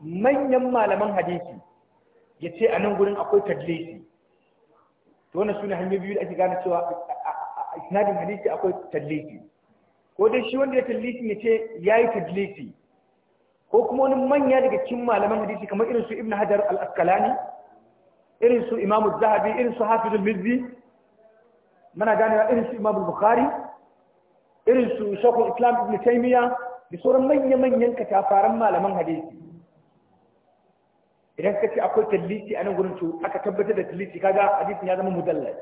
manyan malaman hadisi ya ce a nan gurin akwai tadlisi to wannan sune hanyoyi biyu da ake gane cewa a isnadin hadisi akwai tadlisi ko dai shi wanda ya tadlisi ya ce yayi tadlisi ko kuma wani manya daga cikin malaman hadisi kamar irin su Ibn Hajar al-Asqalani irin su Imam zahabi irin su Hafiz mizzi Mana ganewa irin su imam bukhari irin su islam ibn taimiyya da sauran manya-manyan katafaran malaman hadisi idan ka ce akwai talliti a nan gurin su aka tabbatar da talliti kaga hadisi ya zama mudallal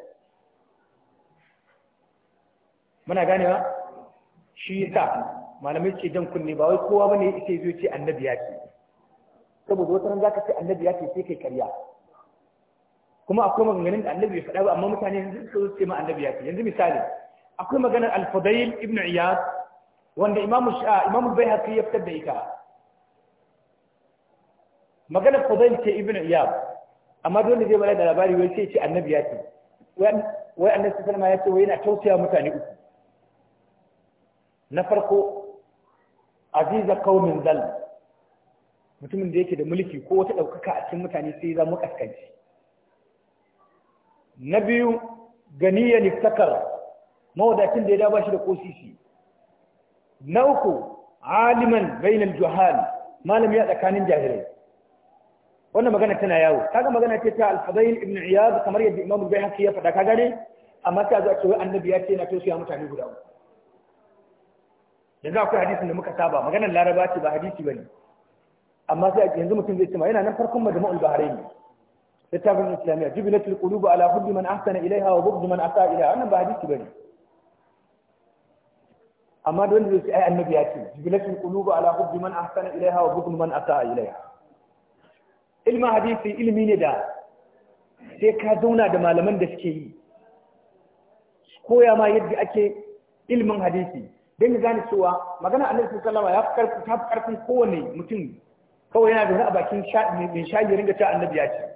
muna ganewa shi yasa malamai ce dan kunne ba wai kowa bane yake zo ce annabi ya ce saboda wata ran zaka ce annabi ya ce sai kai karya kuma akwai maganganun da annabi ya faɗa ba amma mutane yanzu suka zo ce ma annabi ya yanzu misali akwai maganar al-fadayl ibn iyad wanda imamu sha'a imamu bayhaqi ya fitar da ita maganar fadayl ce ibn iyad amma dole zai bada da labari wai sai ce annabi ya ce wai annabi sallama ya ce wai yana tausaya mutane uku na farko aziza qaumin zal mutumin da yake da mulki ko wata daukaka a cikin mutane sai ya zama kaskanci na biyu ganiya niftakar mawadacin da ya ba shi da kosisi na uku aliman bainan juhal malam ya tsakanin jahilai wannan magana tana yawo kaga magana ce ta al ibn iyaz kamar yadda imam al-bayhaqi ya faɗa kaga ne amma ta zuwa a cewa annabi ya ce to siya mutane guda uku yanzu akwai hadisin da muka saba maganar laraba ce ba hadisi ne. amma sai yanzu mutum zai ce ma yana nan farkon majma'ul bahrain littafin islamiyya jubilatul qulubu ala hubbi man ahsana ilaiha wa bughdi man asa ilaiha wannan ba hadisi bane amma don da sai ai annabi ya ce jubilatul qulubu ala hubbi man ahsana ilaiha wa bughdi man asa ilaiha ilmin hadisi ilmi ne da sai ka zauna da malaman da suke yi koya ma yadda ake ilmin hadisi don ya gane cewa magana annabi sallama ya fi karfin kowane mutum kawai yana da wani a bakin mai shayi ringa ta annabi ya ce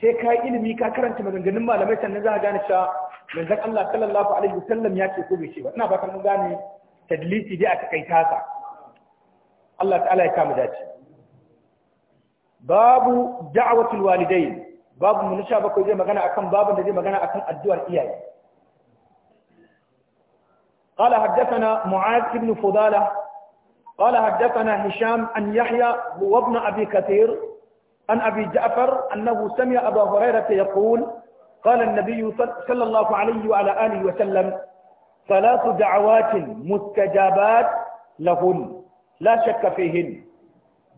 sai ka yi ilimi ka karanta maganganun malamai sannan za a gane cewa manzon Allah sallallahu alaihi wasallam ya ce ko bai ce ba ina fatan mun gane tadlisi dai a takaita ka Allah ta'ala ya kama dace babu da'watul walidai babu mun sha bakwai zai magana akan babu da zai magana akan addu'ar iyaye قال حدثنا معاذ بن فضالة قال حدثنا هشام عن يحيى وابن أبي كثير عن أبي جعفر أنه سمع أبا هريرة يقول قال النبي صلى الله عليه وعلى آله وسلم ثلاث دعوات مستجابات لهن لا شك فيهن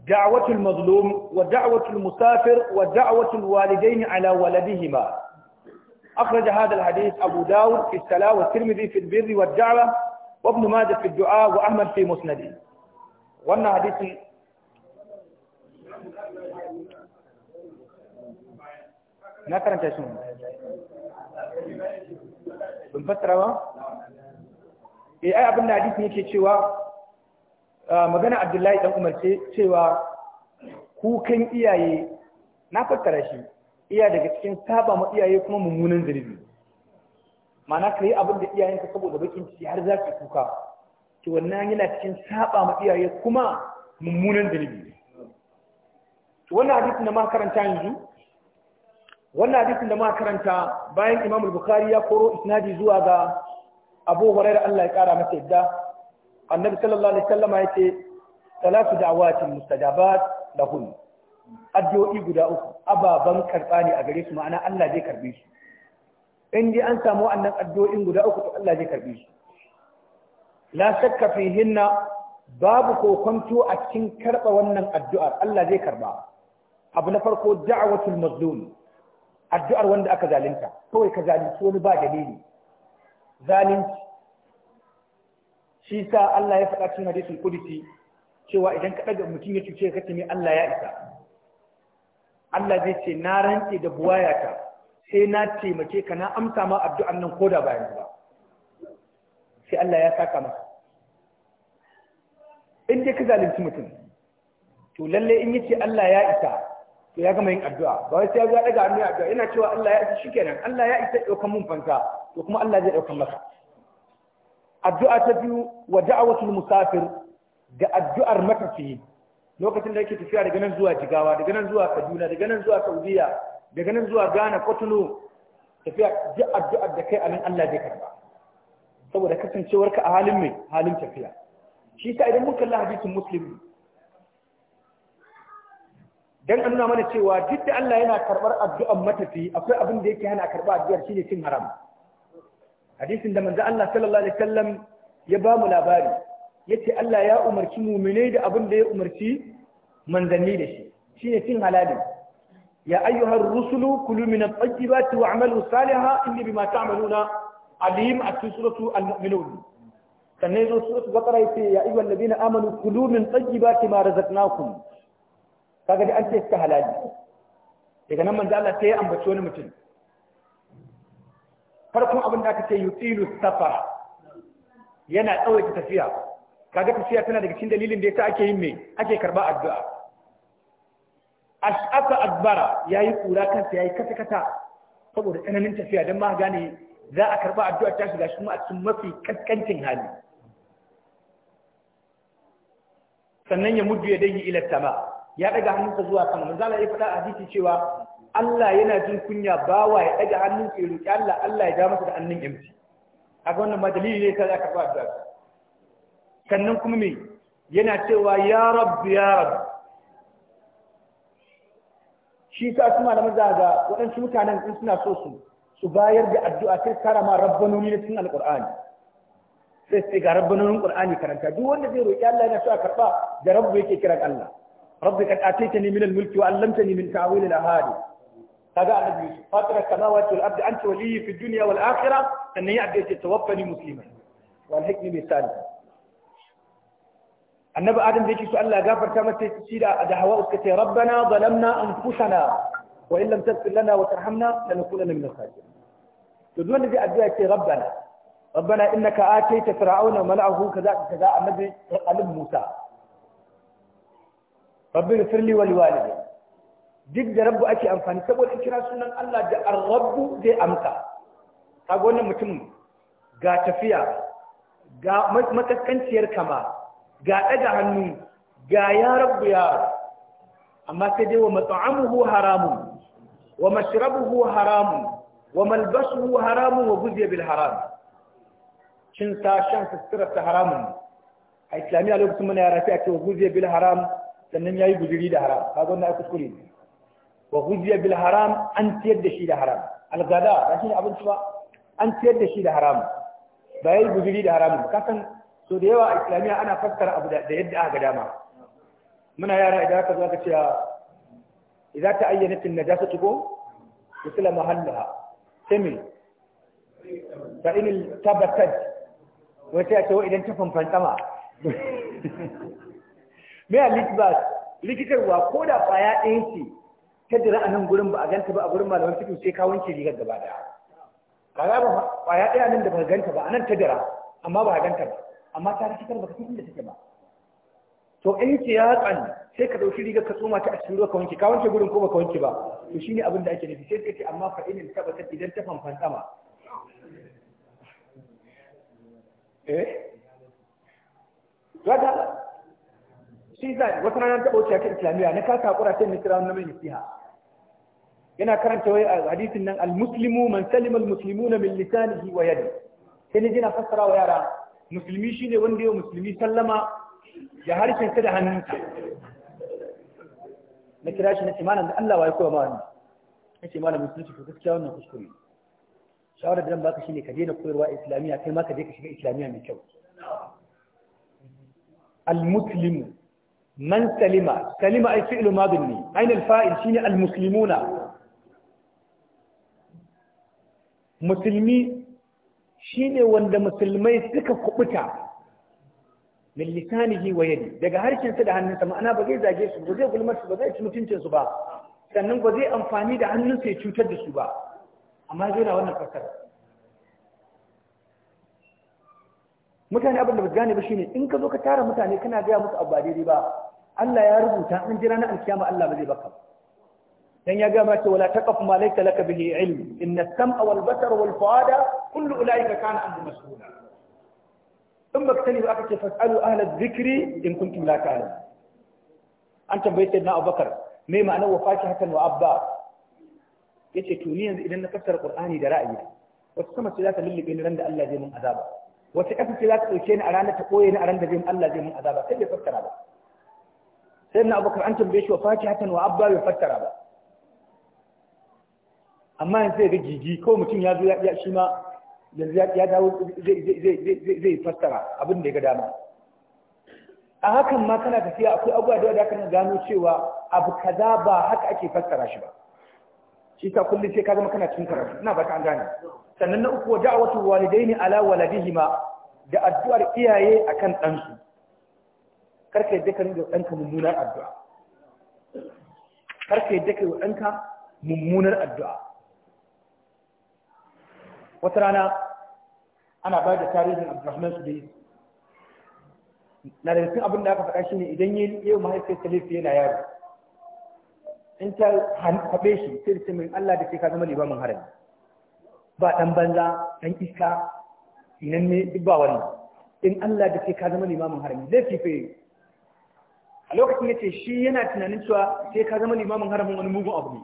دعوة المظلوم ودعوة المسافر ودعوة الوالدين على ولدهما أخرج هذا الحديث أبو داود في السلاة والترمذي في البر والدعوة وابن ماجه في الدعاء وأحمد في مسنده وأن حديث na karanta shi bin fassara ba eh ai abin da hadisi yake cewa magana Abdullahi dan Umar ce cewa kukan iyaye na fassara shi iya daga cikin saba ma iyaye kuma mummunan zulubi ma'ana ka yi abin da iyayenka saboda bakin ciki har za ki kuka to wannan yana cikin saba ma iyaye kuma mummunan zulubi to wannan hadisi na ma karanta yanzu wannan hadisin da muka karanta bayan Imam Bukhari ya koro isnadi zuwa ga Abu Hurairah Allah ya kara masa yadda Annabi sallallahu alaihi wasallam ya ce salatu da'awatin mustajabat lahun addu'o'i guda uku ababan karba ne a gare su ma'ana Allah zai karbe su in dai an samu wannan addu'o'in guda uku to Allah zai karbe su la shakka fihinna babu kokonto a cikin karba wannan addu'ar Allah zai karba abu na farko da'awatul mazlum addu'ar wanda aka zalunta kawai ka zalunci wani ba dalili zalunci shi sa Allah ya faɗa cikin hadisin kudisi cewa idan ka daga mutum ya cuce ka ce Allah ya isa Allah zai ce na rantse da buwayata sai na taimake ka na amsa ma addu'an nan koda bayan ba sai Allah ya saka masa in dai ka zalunci mutum to lalle in yace Allah ya isa to ya gama yin addu'a ba wai sai ya daga hannu addu'a ina cewa Allah ya isa shikenan Allah ya isa daukan mun fanka to kuma Allah zai daukan maka addu'a ta biyu wa da'awatul musafir da addu'ar matafiyi lokacin da yake tafiya daga nan zuwa Jigawa daga nan zuwa Kaduna daga nan zuwa Saudiya daga nan zuwa Ghana Kotonou tafiya duk addu'ar da kai a nan Allah zai karba saboda kasancewarka a halin mai halin tafiya shi ta idan muka kalla hadisin muslim dan an nuna mana cewa duk da Allah yana karbar addu'an matafi akwai abin da yake hana karɓar addu'ar shine cin haram hadisin da manzo Allah sallallahu alaihi wasallam ya ba mu labari yace Allah ya umarci mu'minai da abin da ya umarci manzanni da shi shine cin halalin ya ayyuhar rusulu kulu min at-tayyibati wa'malu salihan inni bima ta'maluna alim a cikin suratu al-mu'minun sannan zo suratu baqara yace ya ayyuhal ladina amanu kulu min tayyibati ma razaqnakum kaga da an ce suka halali daga nan manzo Allah sai ya ambaci wani mutum farkon abin da aka ce yutilu safa yana tsawaita tafiya kaga tafiya tana daga cikin dalilin da yasa ake yin me ake karba addu'a ash'aka adbara yayi kura kansa yayi kata kata saboda tsananin tafiya dan ma gane za a karba addu'a ta shiga shi kuma a cikin mafi kaskancin hali sannan ya mudu ya dai ila sama ya daga hannunsa zuwa sama manzo Allah ya faɗa a hadisi cewa Allah yana jin kunya bawa ya daga hannunsa ya roki Allah Allah ya ja masa da annin imti kaga wannan ma dalili ne ka zaka fa addu'a sannan kuma me yana cewa ya rabbi ya rabbi shi sa suna da mazaga waɗansu mutanen in suna so su su bayar da addu'a sai karama ma rabbanoni na cikin alƙur'ani sai sai ga rabbanonin ƙur'ani karanta duk wanda zai roki Allah yana so a karɓa da rabbu yake kiran Allah رب قد اتيتني من الملك وعلمتني من تعويل الاهالي هذا على يوسف فاطر السماوات والارض انت ولي في الدنيا والاخره ان يعد يتوفني مقيما والحكم مثال النبي ادم بيجي سؤال لا جافر كما تسيدا ده هواء ربنا ظلمنا انفسنا وان لم تغفر لنا وترحمنا لنكونن من الخاسرين تدون نبي ادعي ربنا ربنا انك اتيت فرعون وملعه كذا كذا النبي قلب موسى rabbi firli wal walidai duk da rabbu ake amfani saboda kira sunan Allah da ar-rabbu zai amsa kaga wannan mutum ga tafiya ga matakanciyar kama ga daga hannu ga ya rabbu ya amma sai dai wa mat'amuhu haramun wa mashrabuhu haramun wa malbasuhu haramun wa guziya bil haram cin sa shan sutura ta haramun a islamiyya lokacin muna ya rafi ake wa guziya bil haram sannan ya yi guzuri da haram zo na ya kuskure ne wa guziya bil haram an ciyar da shi da haram Al-Gada ba shi abinci ba an ciyar da shi da haram ba yi guzuri da haram ka san so da yawa a islamiyya ana fassara abu da yadda aka dama muna yara idan ka zo ka ce idza ta'ayyanat an najasa ko yusla mahallaha sami fa in tabattat wa ta idan ta fanfan (laughs) mai litbas rikitarwa ko da ƙwaya ɗayan ce ta jira a nan gurin ba a ganta ba a gurin malaman fikin sai ka wanke rigar gaba da kaga ba ƙwaya ɗaya nan da ba ganta ba a nan ta jira amma ba a ganta ba amma ta rikitar ba ka san inda take ba to in ki yatsan sai ka dauki rigar ka tsoma ta a cikin ruwa ka wanke ka wanke gurin ko baka wanke ba to shine abin da ake nufi sai ce amma fa inin tabbatar idan ta fanfan sama eh to shi za wata rana taɓa wuce ta islamiyya na kasa hakura sai na kira wani mai nasiha yana karanta wai a hadisin nan al-muslimu man salima al na min lisanihi wa yadi sai ni jina fassara wa yara musulmi shine wanda ya musulmi sallama ya harshen ta da hannunsa na kira shi na imanin da Allah ya koya ma wannan nace malamin musulunci to gaskiya wannan kuskure shawarar da zan baka shine ka daina koyarwa islamiyya kai ma ka je ka shiga islamiyya mai kyau al-muslimu man salima salima ai fi'lu madin ne ainul fa'il shine almuslimuna musulmi shine wanda musulmai suka kubuta min lisanihi wa yadi daga harshensa da hannunsa ma'ana ba zai zage su ba zai gulmar su ba zai ci mutuncin su ba sannan ba zai amfani da hannunsa ya cutar da su ba amma zai na wannan fasara mutane abin da ba gane ba shine in ka zo ka tara mutane kana gaya musu abu ba daidai ba Allah ya rubuta an jira na alkiyama Allah ba zai baka dan ya gama ce wala taqaf ma laysa laka bihi ilm inna as-sam'a wal basara wal fuada kullu ulaika kana an mas'ula in baka sani ba aka ce fasalu ahla dhikri in kuntum la ta'lamun an tambaye sayyidina Abubakar me ma'anar wa fakihatan wa abba yace to ni yanzu idan na fassara Qur'ani da ra'ayi wata sama ce za ta lullube ni ran da Allah zai mun azaba wata ƙasa ce za ta ɗauke ni a ranar ta ɓoye ni a ran da zai mun Allah zai mun azaba sai ya fassara ba sai na abubakar an tambaye shi wa fakihatan wa abba bai fassara ba amma yanzu zai ga gigi kawai mutum ya zo ya shi ma yanzu ya dawo zai fassara abin da ya ga dama a hakan ma kana tafiya akwai abubuwa da wadda kana gano cewa abu kaza ba haka ake fassara shi ba shi ta kullum sai ka zama kana cin karatu ina ba ta gane sannan na uku wa da'awatu walidaini ala waladihima da addu'ar iyaye akan ɗansu karka yadda ka ringa ɗanka mummunar addu'a karka yadda ka yi ɗanka mummunar addu'a wata rana ana ba da tarihin abdurrahman su dai na da cikin abin da aka faɗa shi ne idan yi yau mahaifiyar talifi yana yaro in ta haɓe shi sai da mai Allah da ke ka zama limamin harami ba ɗan banza ɗan iska inan ne duk ba wani. in Allah da ke ka zama limamin harami laifi fa a lokacin ya ce shi yana tunanin cewa sai ka zama limamin haramun wani mugun abu ne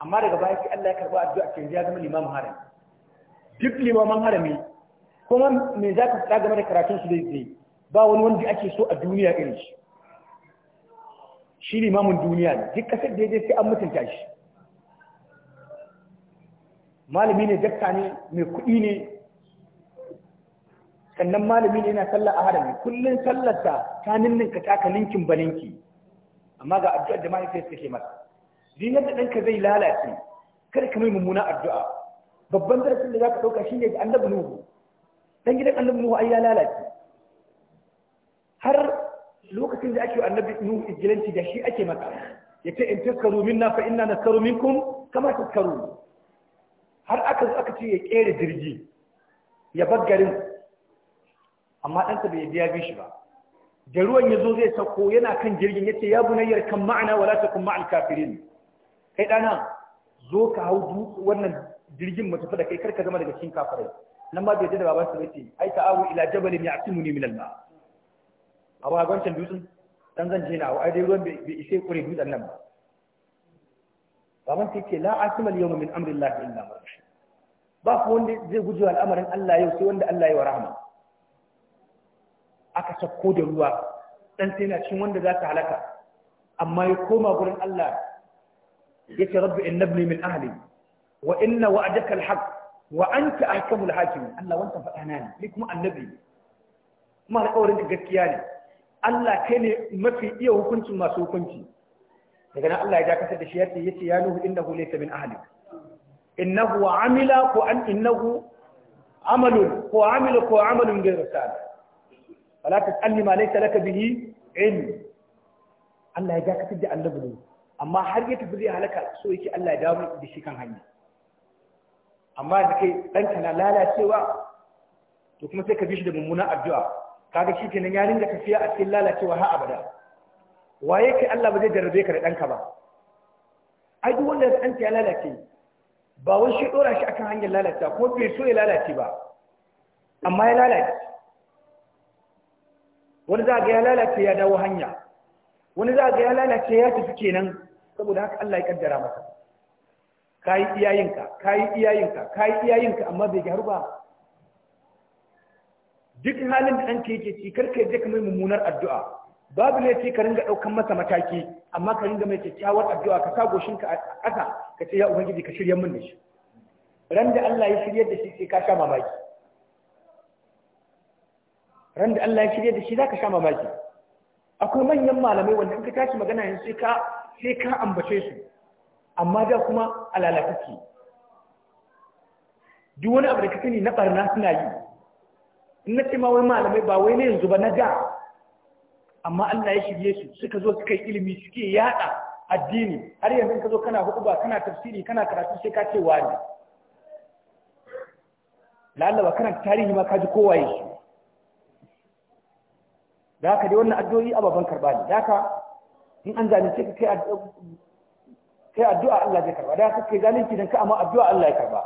amma daga baya sai Allah ya karba addu'a ce ya zama limamin harami duk limamin harami kuma me za ka faɗa game da karatun su zai ba wani wanda ake so a duniya irin shi shi limamin duniya ne duk kasar da ya sai an mutunta shi malami ne dakta ne mai kuɗi ne sannan malami ne yana sallah a harami kullun sallarsa ta ninninka taka ninkin baninki amma ga addu'ar da mahaifiyar take masa Zinar da ɗanka zai lalace kar ka mai mummuna addu'a babban darasin da zaka dauka shine ga annabi nuhu dan gidan annabi nuhu ai ya lalace har lokacin da ake annabi nuhu ijilanci da shi ake masa yace in taskaru minna fa inna naskaru minkum kama taskaru har aka zo aka ce ya kere jirgi ya bar garin amma ɗansa bai biya bi ba da ruwan ya zo zai sako yana kan jirgin ya ce ya bunayyar kan ma'ana wala ta kun ma'al kafirin kai ɗana zo ka hau wannan jirgin mu tafi da kai karka zama daga cikin kafirai nan ma bai da babansa bai ce ai ta'awu ila jabalin ya'timuni min al-ma a ba gwancan dutsen dan zan je na ai dai ruwan bai ishe kure dutsen nan ba baban sai ce la asimal yawma min amri Allah illa ma ba ko wanda zai gujewa al'amarin Allah yau sai wanda Allah ya yi wa rahama aka sakko da ruwa dan sai na cikin wanda za ta halaka amma ya koma gurin Allah ya ce rabbi innabni min ahli wa inna wa'adaka alhaq wa anta ahkamul hakim Allah wannan faɗa na ne ni kuma annabi kuma alƙawarin ka gaskiya ne Allah kai ne mafi iya hukuncin masu hukunci daga nan Allah ya dakatar da shi yace yace ya nuhu innahu laysa min ahli innahu amila ko an innahu amalun ko amila ko amalun ghayra salih wala tasalli ma laysa laka bihi ilm Allah ya dakatar da annabi ne amma har ya tafi zai halaka so yake Allah ya dawo da shi kan hanya amma da kai ɗanka na lalacewa to kuma sai ka bi shi da mummunan addu'a kaga shi kenan ya ringa tafiya a cikin lalacewa har abada waye kai Allah ba zai jarrabe ka da danka ba ai duk wanda ɗanka ya lalace ba wai shi ɗora shi akan hanyar lalacewa ko bai so ya lalace ba amma ya lalace wani za ga ya lalace ya dawo hanya wani za ga ya lalace ya tafi kenan saboda haka Allah ya kaddara masa kayi iyayenka kayi iyayenka kayi iyayenka amma bai gyaru ba duk halin da ɗanka yake ci karka je ka mai mummunar addu'a babu laifi ka ringa ɗaukan masa mataki amma ka ringa mai kyakkyawar addu'a ka sa goshinka a ƙasa ka ce ya ubangiji ka shirya min da shi ran da Allah ya shiryar da shi sai ka sha mamaki ran da Allah ya shirya da shi zaka sha mamaki akwai manyan malamai wanda in ka tashi magana yin sai ka sai ka ambace su amma da kuma alalakaci duk wani abu da ka sani na barna suna yi in na ce ma wai malamai ba wai ne yanzu ba na ga. amma Allah ya shirye su suka zo suka yi ilimi suke yada addini har yanzu ka zo kana hukuba kana tafsiri kana karatu sai ka ce wani lalla ba kana tarihi ma ka ji kowaye shi da haka dai wannan addu'o'i ababen karba ne da haka in an zalunce ka kai kai addu'a Allah zai karba da haka kai zalunci dan ka amma addu'a Allah ya karba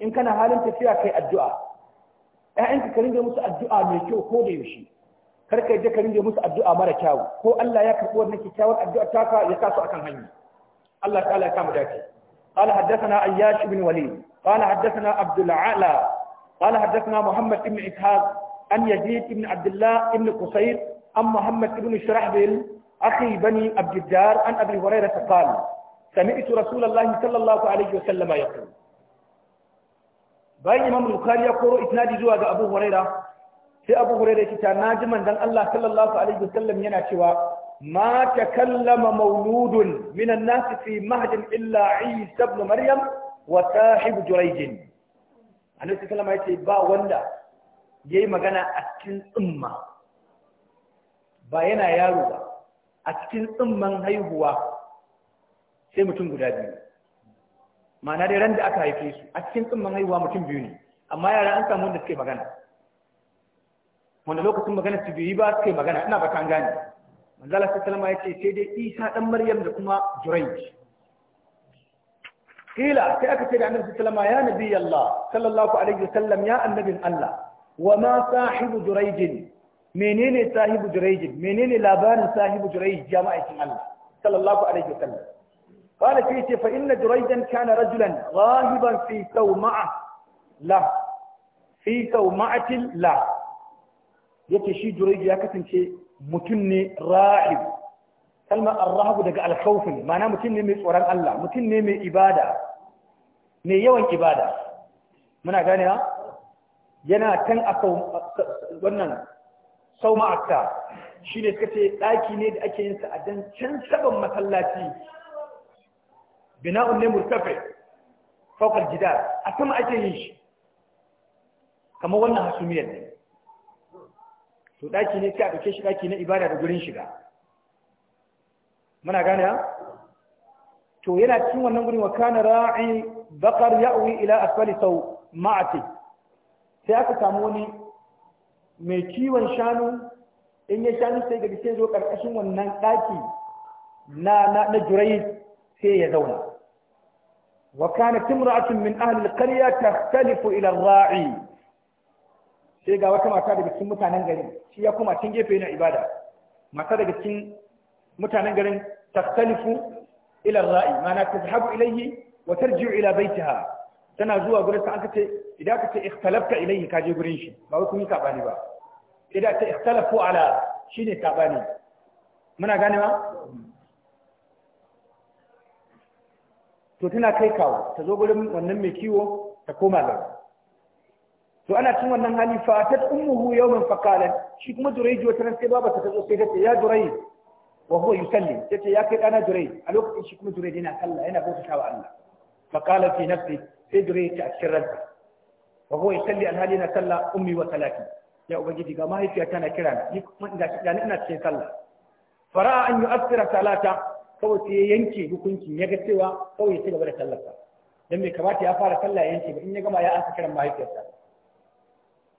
in kana halin tafiya kai addu'a ƴaƴanka ka ringa musu addu'a mai kyau ko da yaushe kar ka je ka ringa musu addu'a mara kyawu ko Allah ya karbi wannan kyakkyawar addu'a taka ya sa su akan hanya Allah ta'ala ya kama dace قال حدثنا أياش بن وليد قال حدثنا عبد العالى قال حدثنا محمد بن إسحاق عن يزيد بن عبد الله بن قصير عن محمد بن شرحبل أخي بني عبد الدار عن أبي هريرة قال سمعت رسول الله صلى الله عليه وسلم يقول bayan imam bukhari ya koro isnadi zuwa ga abu huraira sai abu huraira ya na naji manzon Allah sallallahu alaihi wasallam yana cewa mata kallama mauludun minan nas fi mahd illa isa ibn maryam wa sahib jurayj annabi sallallahu ba wanda ya yi magana a cikin tsimma ba yana yaro ba a cikin tsimman haihuwa sai mutum guda biyu ma'ana dai ran da aka haife su a cikin tsimman haihuwa mutum biyu ne amma yara an samu wanda suke magana wanda lokacin magana su biyu ba suke magana ina ba kan gane manzala salama ya ce sai dai isa dan maryam da kuma jurayj kila sai aka ce da annabi sallama ya nabi allah sallallahu alaihi wasallam ya annabin allah wa sahibu jurayjin menene sahibu jurayjin menene labarin sahibu jurayj jama'atin Allah sallallahu alaihi wasallam قال فيه فإن جريجا كان رجلا غاهبا في سومعة له في سومعة له yake shi jureji ya kasance mutum ne rahib kalmar arrahabu daga alkhawfin ma'ana mutum ne mai tsoron Allah mutum ne mai ibada mai yawan ibada muna gane ha yana kan a wannan sau akta shi ne suka ce ɗaki ne da ake yin sa can saban masallaci bina'un ne murtafe faukar gida a sama ake yin shi kamar wannan hasumiyar ne to ɗaki ne sai a ɗauke shi ɗaki na ibada da gurin shiga muna gane to yana cikin wannan gurin wa kana ra'i bakar ya'wi ila asfali sau ma'atik sai aka samu wani mai kiwon shanu in ya shanu sai gari sai zo ƙarƙashin wannan ɗaki na na na jurai sai ya zauna wa kanat imra'atun min ahli alqarya tahtalifu ila ar-ra'i sai ga wata mata daga cikin mutanen garin shi ya kuma cikin gefe na ibada mata daga cikin mutanen garin tahtalifu ila ar-ra'i ma'ana tazhabu ilayhi wa tarji'u ila baytiha tana zuwa gurin sa aka ce idan ka ce ikhtalafta ilayhi ka je gurin shi ba kuma kun yi sabani ba idan ta ikhtalafu ala shine sabani muna gane ma to tana kai kawo ta zo gurin wannan mai kiwo ta koma gaba to ana cin wannan hali fa ta ummuhu yawman faqalan shi kuma durai wata ran sai baba ta zo sai ta ce ya durai wa huwa yusalli ce ya kai dana durai, a lokacin shi kuma durai yana sallah yana bauta wa Allah faqala fi nafsi sai dure yake a cikin ransa wa huwa yusalli alhali na sallah ummi wa salati ya ubangiji ga mahaifiya tana kira na ni kuma ina ina cikin sallah fara an yu'assira salata kawai sai ya yanke hukuncin ya ga cewa kawai ya ci gaba da sallarsa dan bai kamata ya fara sallah ya yanke ba in ya gama ya ansa kiran mahaifiyarsa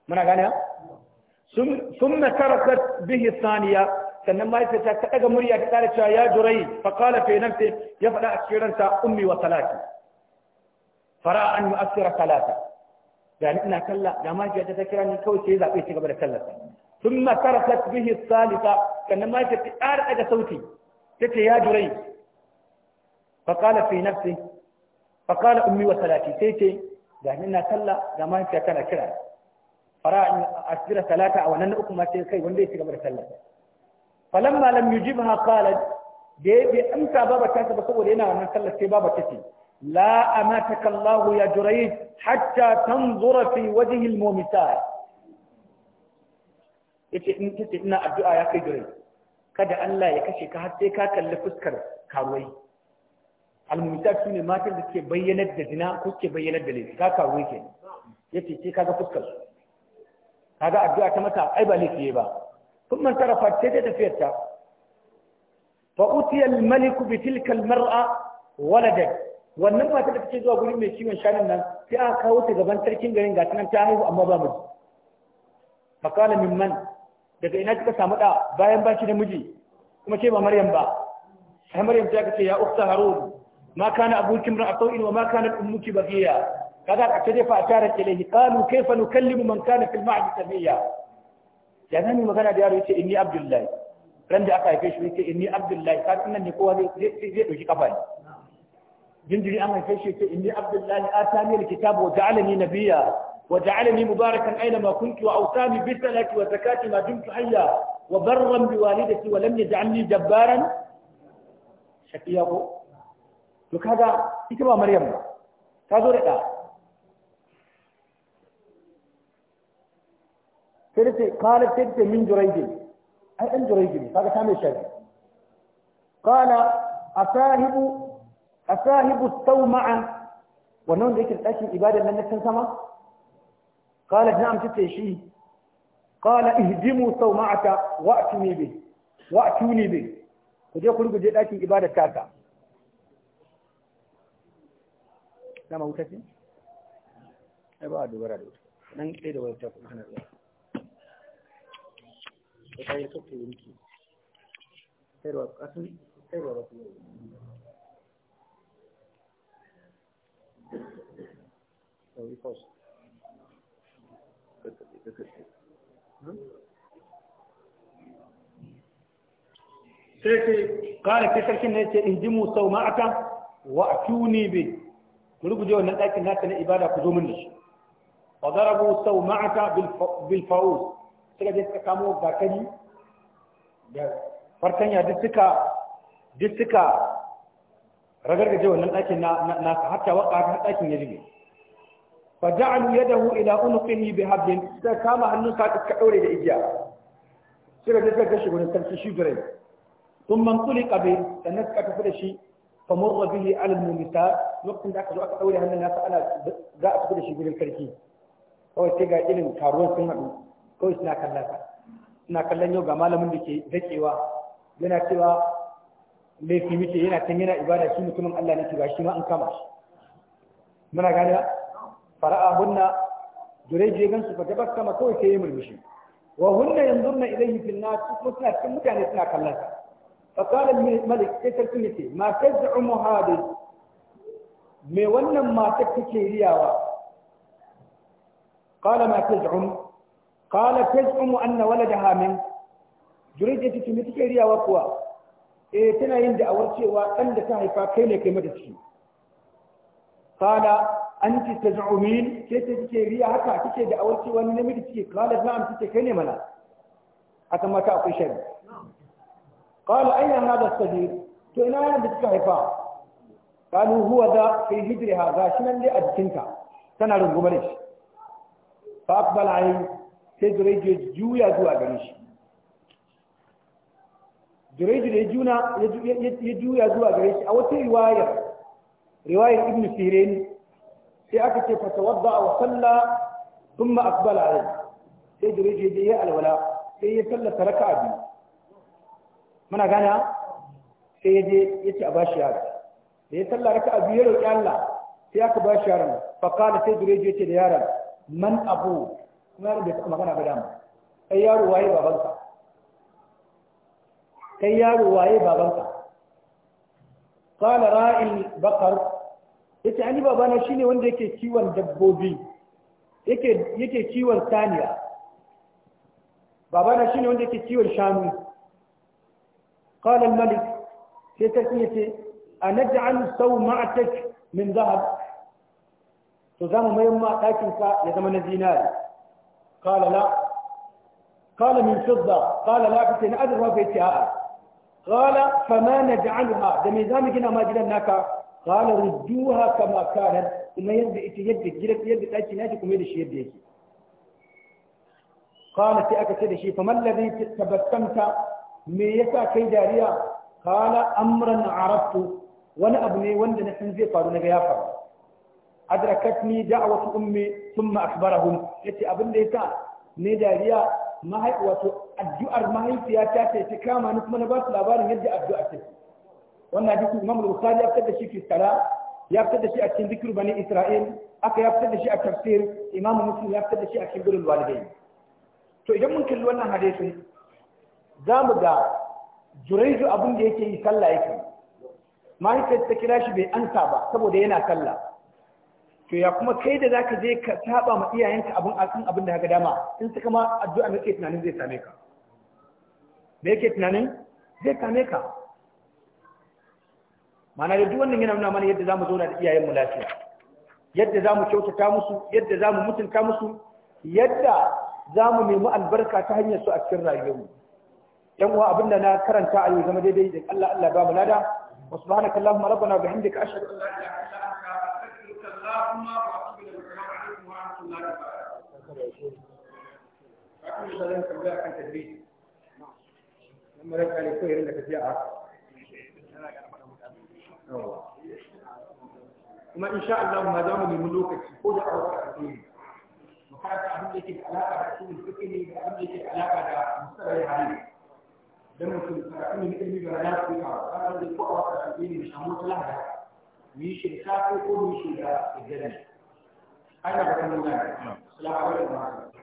muna gane ثم تركت به الثانية sannan mahaifiyarta ta daga murya ta tsara cewa ya jurai fa qala fi nafsi ya faɗa a cikin ummi wa salati fara an yi asira salata ga ni ina kalla ga mahaifiyar ta kira ni kawai sai zaɓe ci gaba da sallarsa sun makara ta bihi salisa sannan ma ta ƙara daga sauti ta ce ya durai faƙala fi nafsi faƙala ummi wa salati sai ce ga ni ina kalla ga mahaifiyar tana kira fara an yi asira salata a wannan uku ma sai kai wanda ya ci gaba da sallarsa falamma lam yujibha qalat da ya bai amsa babar ta ba saboda yana wannan sallar sai babar ta ce لا أماتك الله يا جريج حتى تنظر في وجه المومتات yace in kace ina addu'a ya kai gare kada Allah ya kashe ka har sai ka kalli fuskar karuwai shi ne matan da ke bayyanar da zina ko ke bayyanar da laifi ka karuwai ke yace sai kaga fuskar su kaga addu'a ta mata ai ba laifi ba kun man tarafa sai ta tafiyar ta fa utiya al bi tilka al-mar'a waladat wannan mata da take zuwa gurin mai kiwon shanin nan sai aka kawo ta gaban sarkin garin gata nan ta haihu amma ba miji fakala mimman daga ina kika samu da bayan ba shi da miji kuma ce ba maryam ba sai maryam ta ce ya ukhta harun ma kana abuki min atawin wa ma kana ummuki baqiya kaga ka ce fa atara ilayhi qalu kayfa nukallimu man kana fil ma'd sabiya ya nan magana da yaro yace inni abdullahi ran da aka haife shi yace inni abdullahi kaga nan ne kowa zai zai dauki kafa ne jinjiri an haife shi ce inni abdullahi atani alkitabu wa ja'alani nabiyya wa ja'alani mubarakan aina ma kuntu wa awsani bi salati wa zakati ma dumtu hayya wa barran bi walidati wa lam yaj'alni jabbaran shaqiya ko to kaga ita ba maryam ba ta zo da da sai ce kala tadda min juraydi ai an juraydi kaga ta mai shari qala asahibu a sahibu sau ma'an wannan da yake ɗakin ibadar nan na sama kala na amsa ce shi kala ihdimu sau ma'ata wa'atu ne bi ku je ku ɗakin ibadar taka dama ba a da wuta nan ɗaya da kuma yanki sai ƙasun sai sai ce kare ke sarki ne ce in ji mu sau ma'aka wa a wuni bi ku ruguje wannan ɗakin naka na ibada ku zo min da shi wa zarabu sau ma'aka bil fa'us suka je suka kamo bakari da fartanya duk suka duk suka ragargaje wannan ɗakin na naka hatta waka ta ɗakin ya jibe fa ja'alu yadahu ila unqihi bi hablin sai kama hannun sa ka daure da igiya sai da suka kashi gurin sarki shi gure sun man kuli kabe sannan ka tafi da shi fa murra bihi al mumita lokacin da aka zo aka daure hannun nasa ana za a tafi da shi gurin sarki kawai sai ga irin karuwan sun haɗu kawai suna kallon suna kallon yau ga malamin da ke dakewa yana cewa laifi muke yana can yana ibada shi mutumin Allah ne ba shi ma an kama shi muna gane fara'a hunna dureji ya gansu fa gabas sama kawai sai ya murmushi wa hunna yanzurna ilayhi fil nas kuma suna cikin mutane suna kallon sa fa qala malik sai sarki yace ma taz'umu hadith me wannan matar take riyawa qala ma qala anna waladaha min me take riyawa kuwa eh tana yin da'awar cewa dan da ta haifa kai ne kai mata ciki kala anti taz'umin ke ta kike riya haka kike da'awar cewa ni namiji kike kala na'am kike kai ne mana haka mata akwai shari kala aina hada sadir to ina yana da kika haifa kalu huwa da fi hijriha shi nan dai a jikinta tana rungume da shi fa aqbal alayhi sai juya zuwa gare shi jureju da juna ya juya zuwa gare shi a wata riwayar riwayar ibnu sirin sai aka ce fa tawadda wa salla thumma aqbala alayhi sai jureju ya yi alwala sai ya sallata raka'a biyu muna gana sai ya je ya ce a bashi yaro da ya salla raka'a biyu ya roki Allah sai aka bashi yaron fa kana sai jureju ya ce da yaron man abu kuma yaron bai taɓa magana ba dama sai yaro waye babansa kai yaro waye babanka qala ra'il baqar yace ani babana shine wanda yake kiwon dabbobi yake yake kiwon saniya babana shine wanda yake kiwon shanu qala al-malik sai sarki yace anaj'al sawma'atak min dhahab to zamu mai ma dakin ka ya zama na zinari qala la qala min fidda qala la kace na azra fa yace a'a qala fama naj'alha da me zamu gina ma gidan naka qala rujuha kama kana kuma yadda ita yadda gidan yadda daki naki kuma da shi yadda yake qala sai aka ce da shi faman ladhi tabattamta me yasa kai dariya qala amran arabtu wani abu ne wanda na san zai faru na ga ya faru adrakatni da'watu ummi thumma akhbarahum yace abin da yasa ne dariya mahai wato addu'ar mahaifiyata ta ta kama ni kuma na ba su labarin yadda addu'ar ta wannan hadisi Imam Bukhari ya fitar da shi fi ya fitar da shi a cikin zikr bani Isra'il aka ya fitar da shi a tafsir Imam Muslim ya fitar da shi a cikin gurin walidain to idan mun kalli wannan hadisin za mu ga juraiju abin da yake yi sallah yake mahaifiyar ta kira shi bai ansa ba saboda yana sallah to ya kuma kai da zaka je ka saba ma iyayenka abin akan abin da haka dama in suka ma addu'a ne ke tunanin zai same ka me yake tunanin zai same ka mana da duk wannan yana nuna mana yadda zamu zauna da iyayen mu lafiya yadda zamu kyautata musu yadda zamu mutunta musu yadda zamu nemi albarka ta hanyar su a cikin rayuwar mu yan uwa abinda na karanta a yau zama daidai da Allah Allah ba mu lada wa allahumma rabbana bihamdika ashhadu an la ilaha illa اللهم واتوب الى السلام عليكم ورحمه kuma insha Allah ma za mu nemi lokaci ko da aure a duniya mu karanta abin da yake da alaka da cikin fiƙi ne da abin da yake da alaka da musarar hali dan mutum karatu ne ilimi ya fi ka ba ko a wata addini da shamu ta mu yi shirka ko ko mu yi shirka idan ne ana ba ta nuna ne salamu alaikum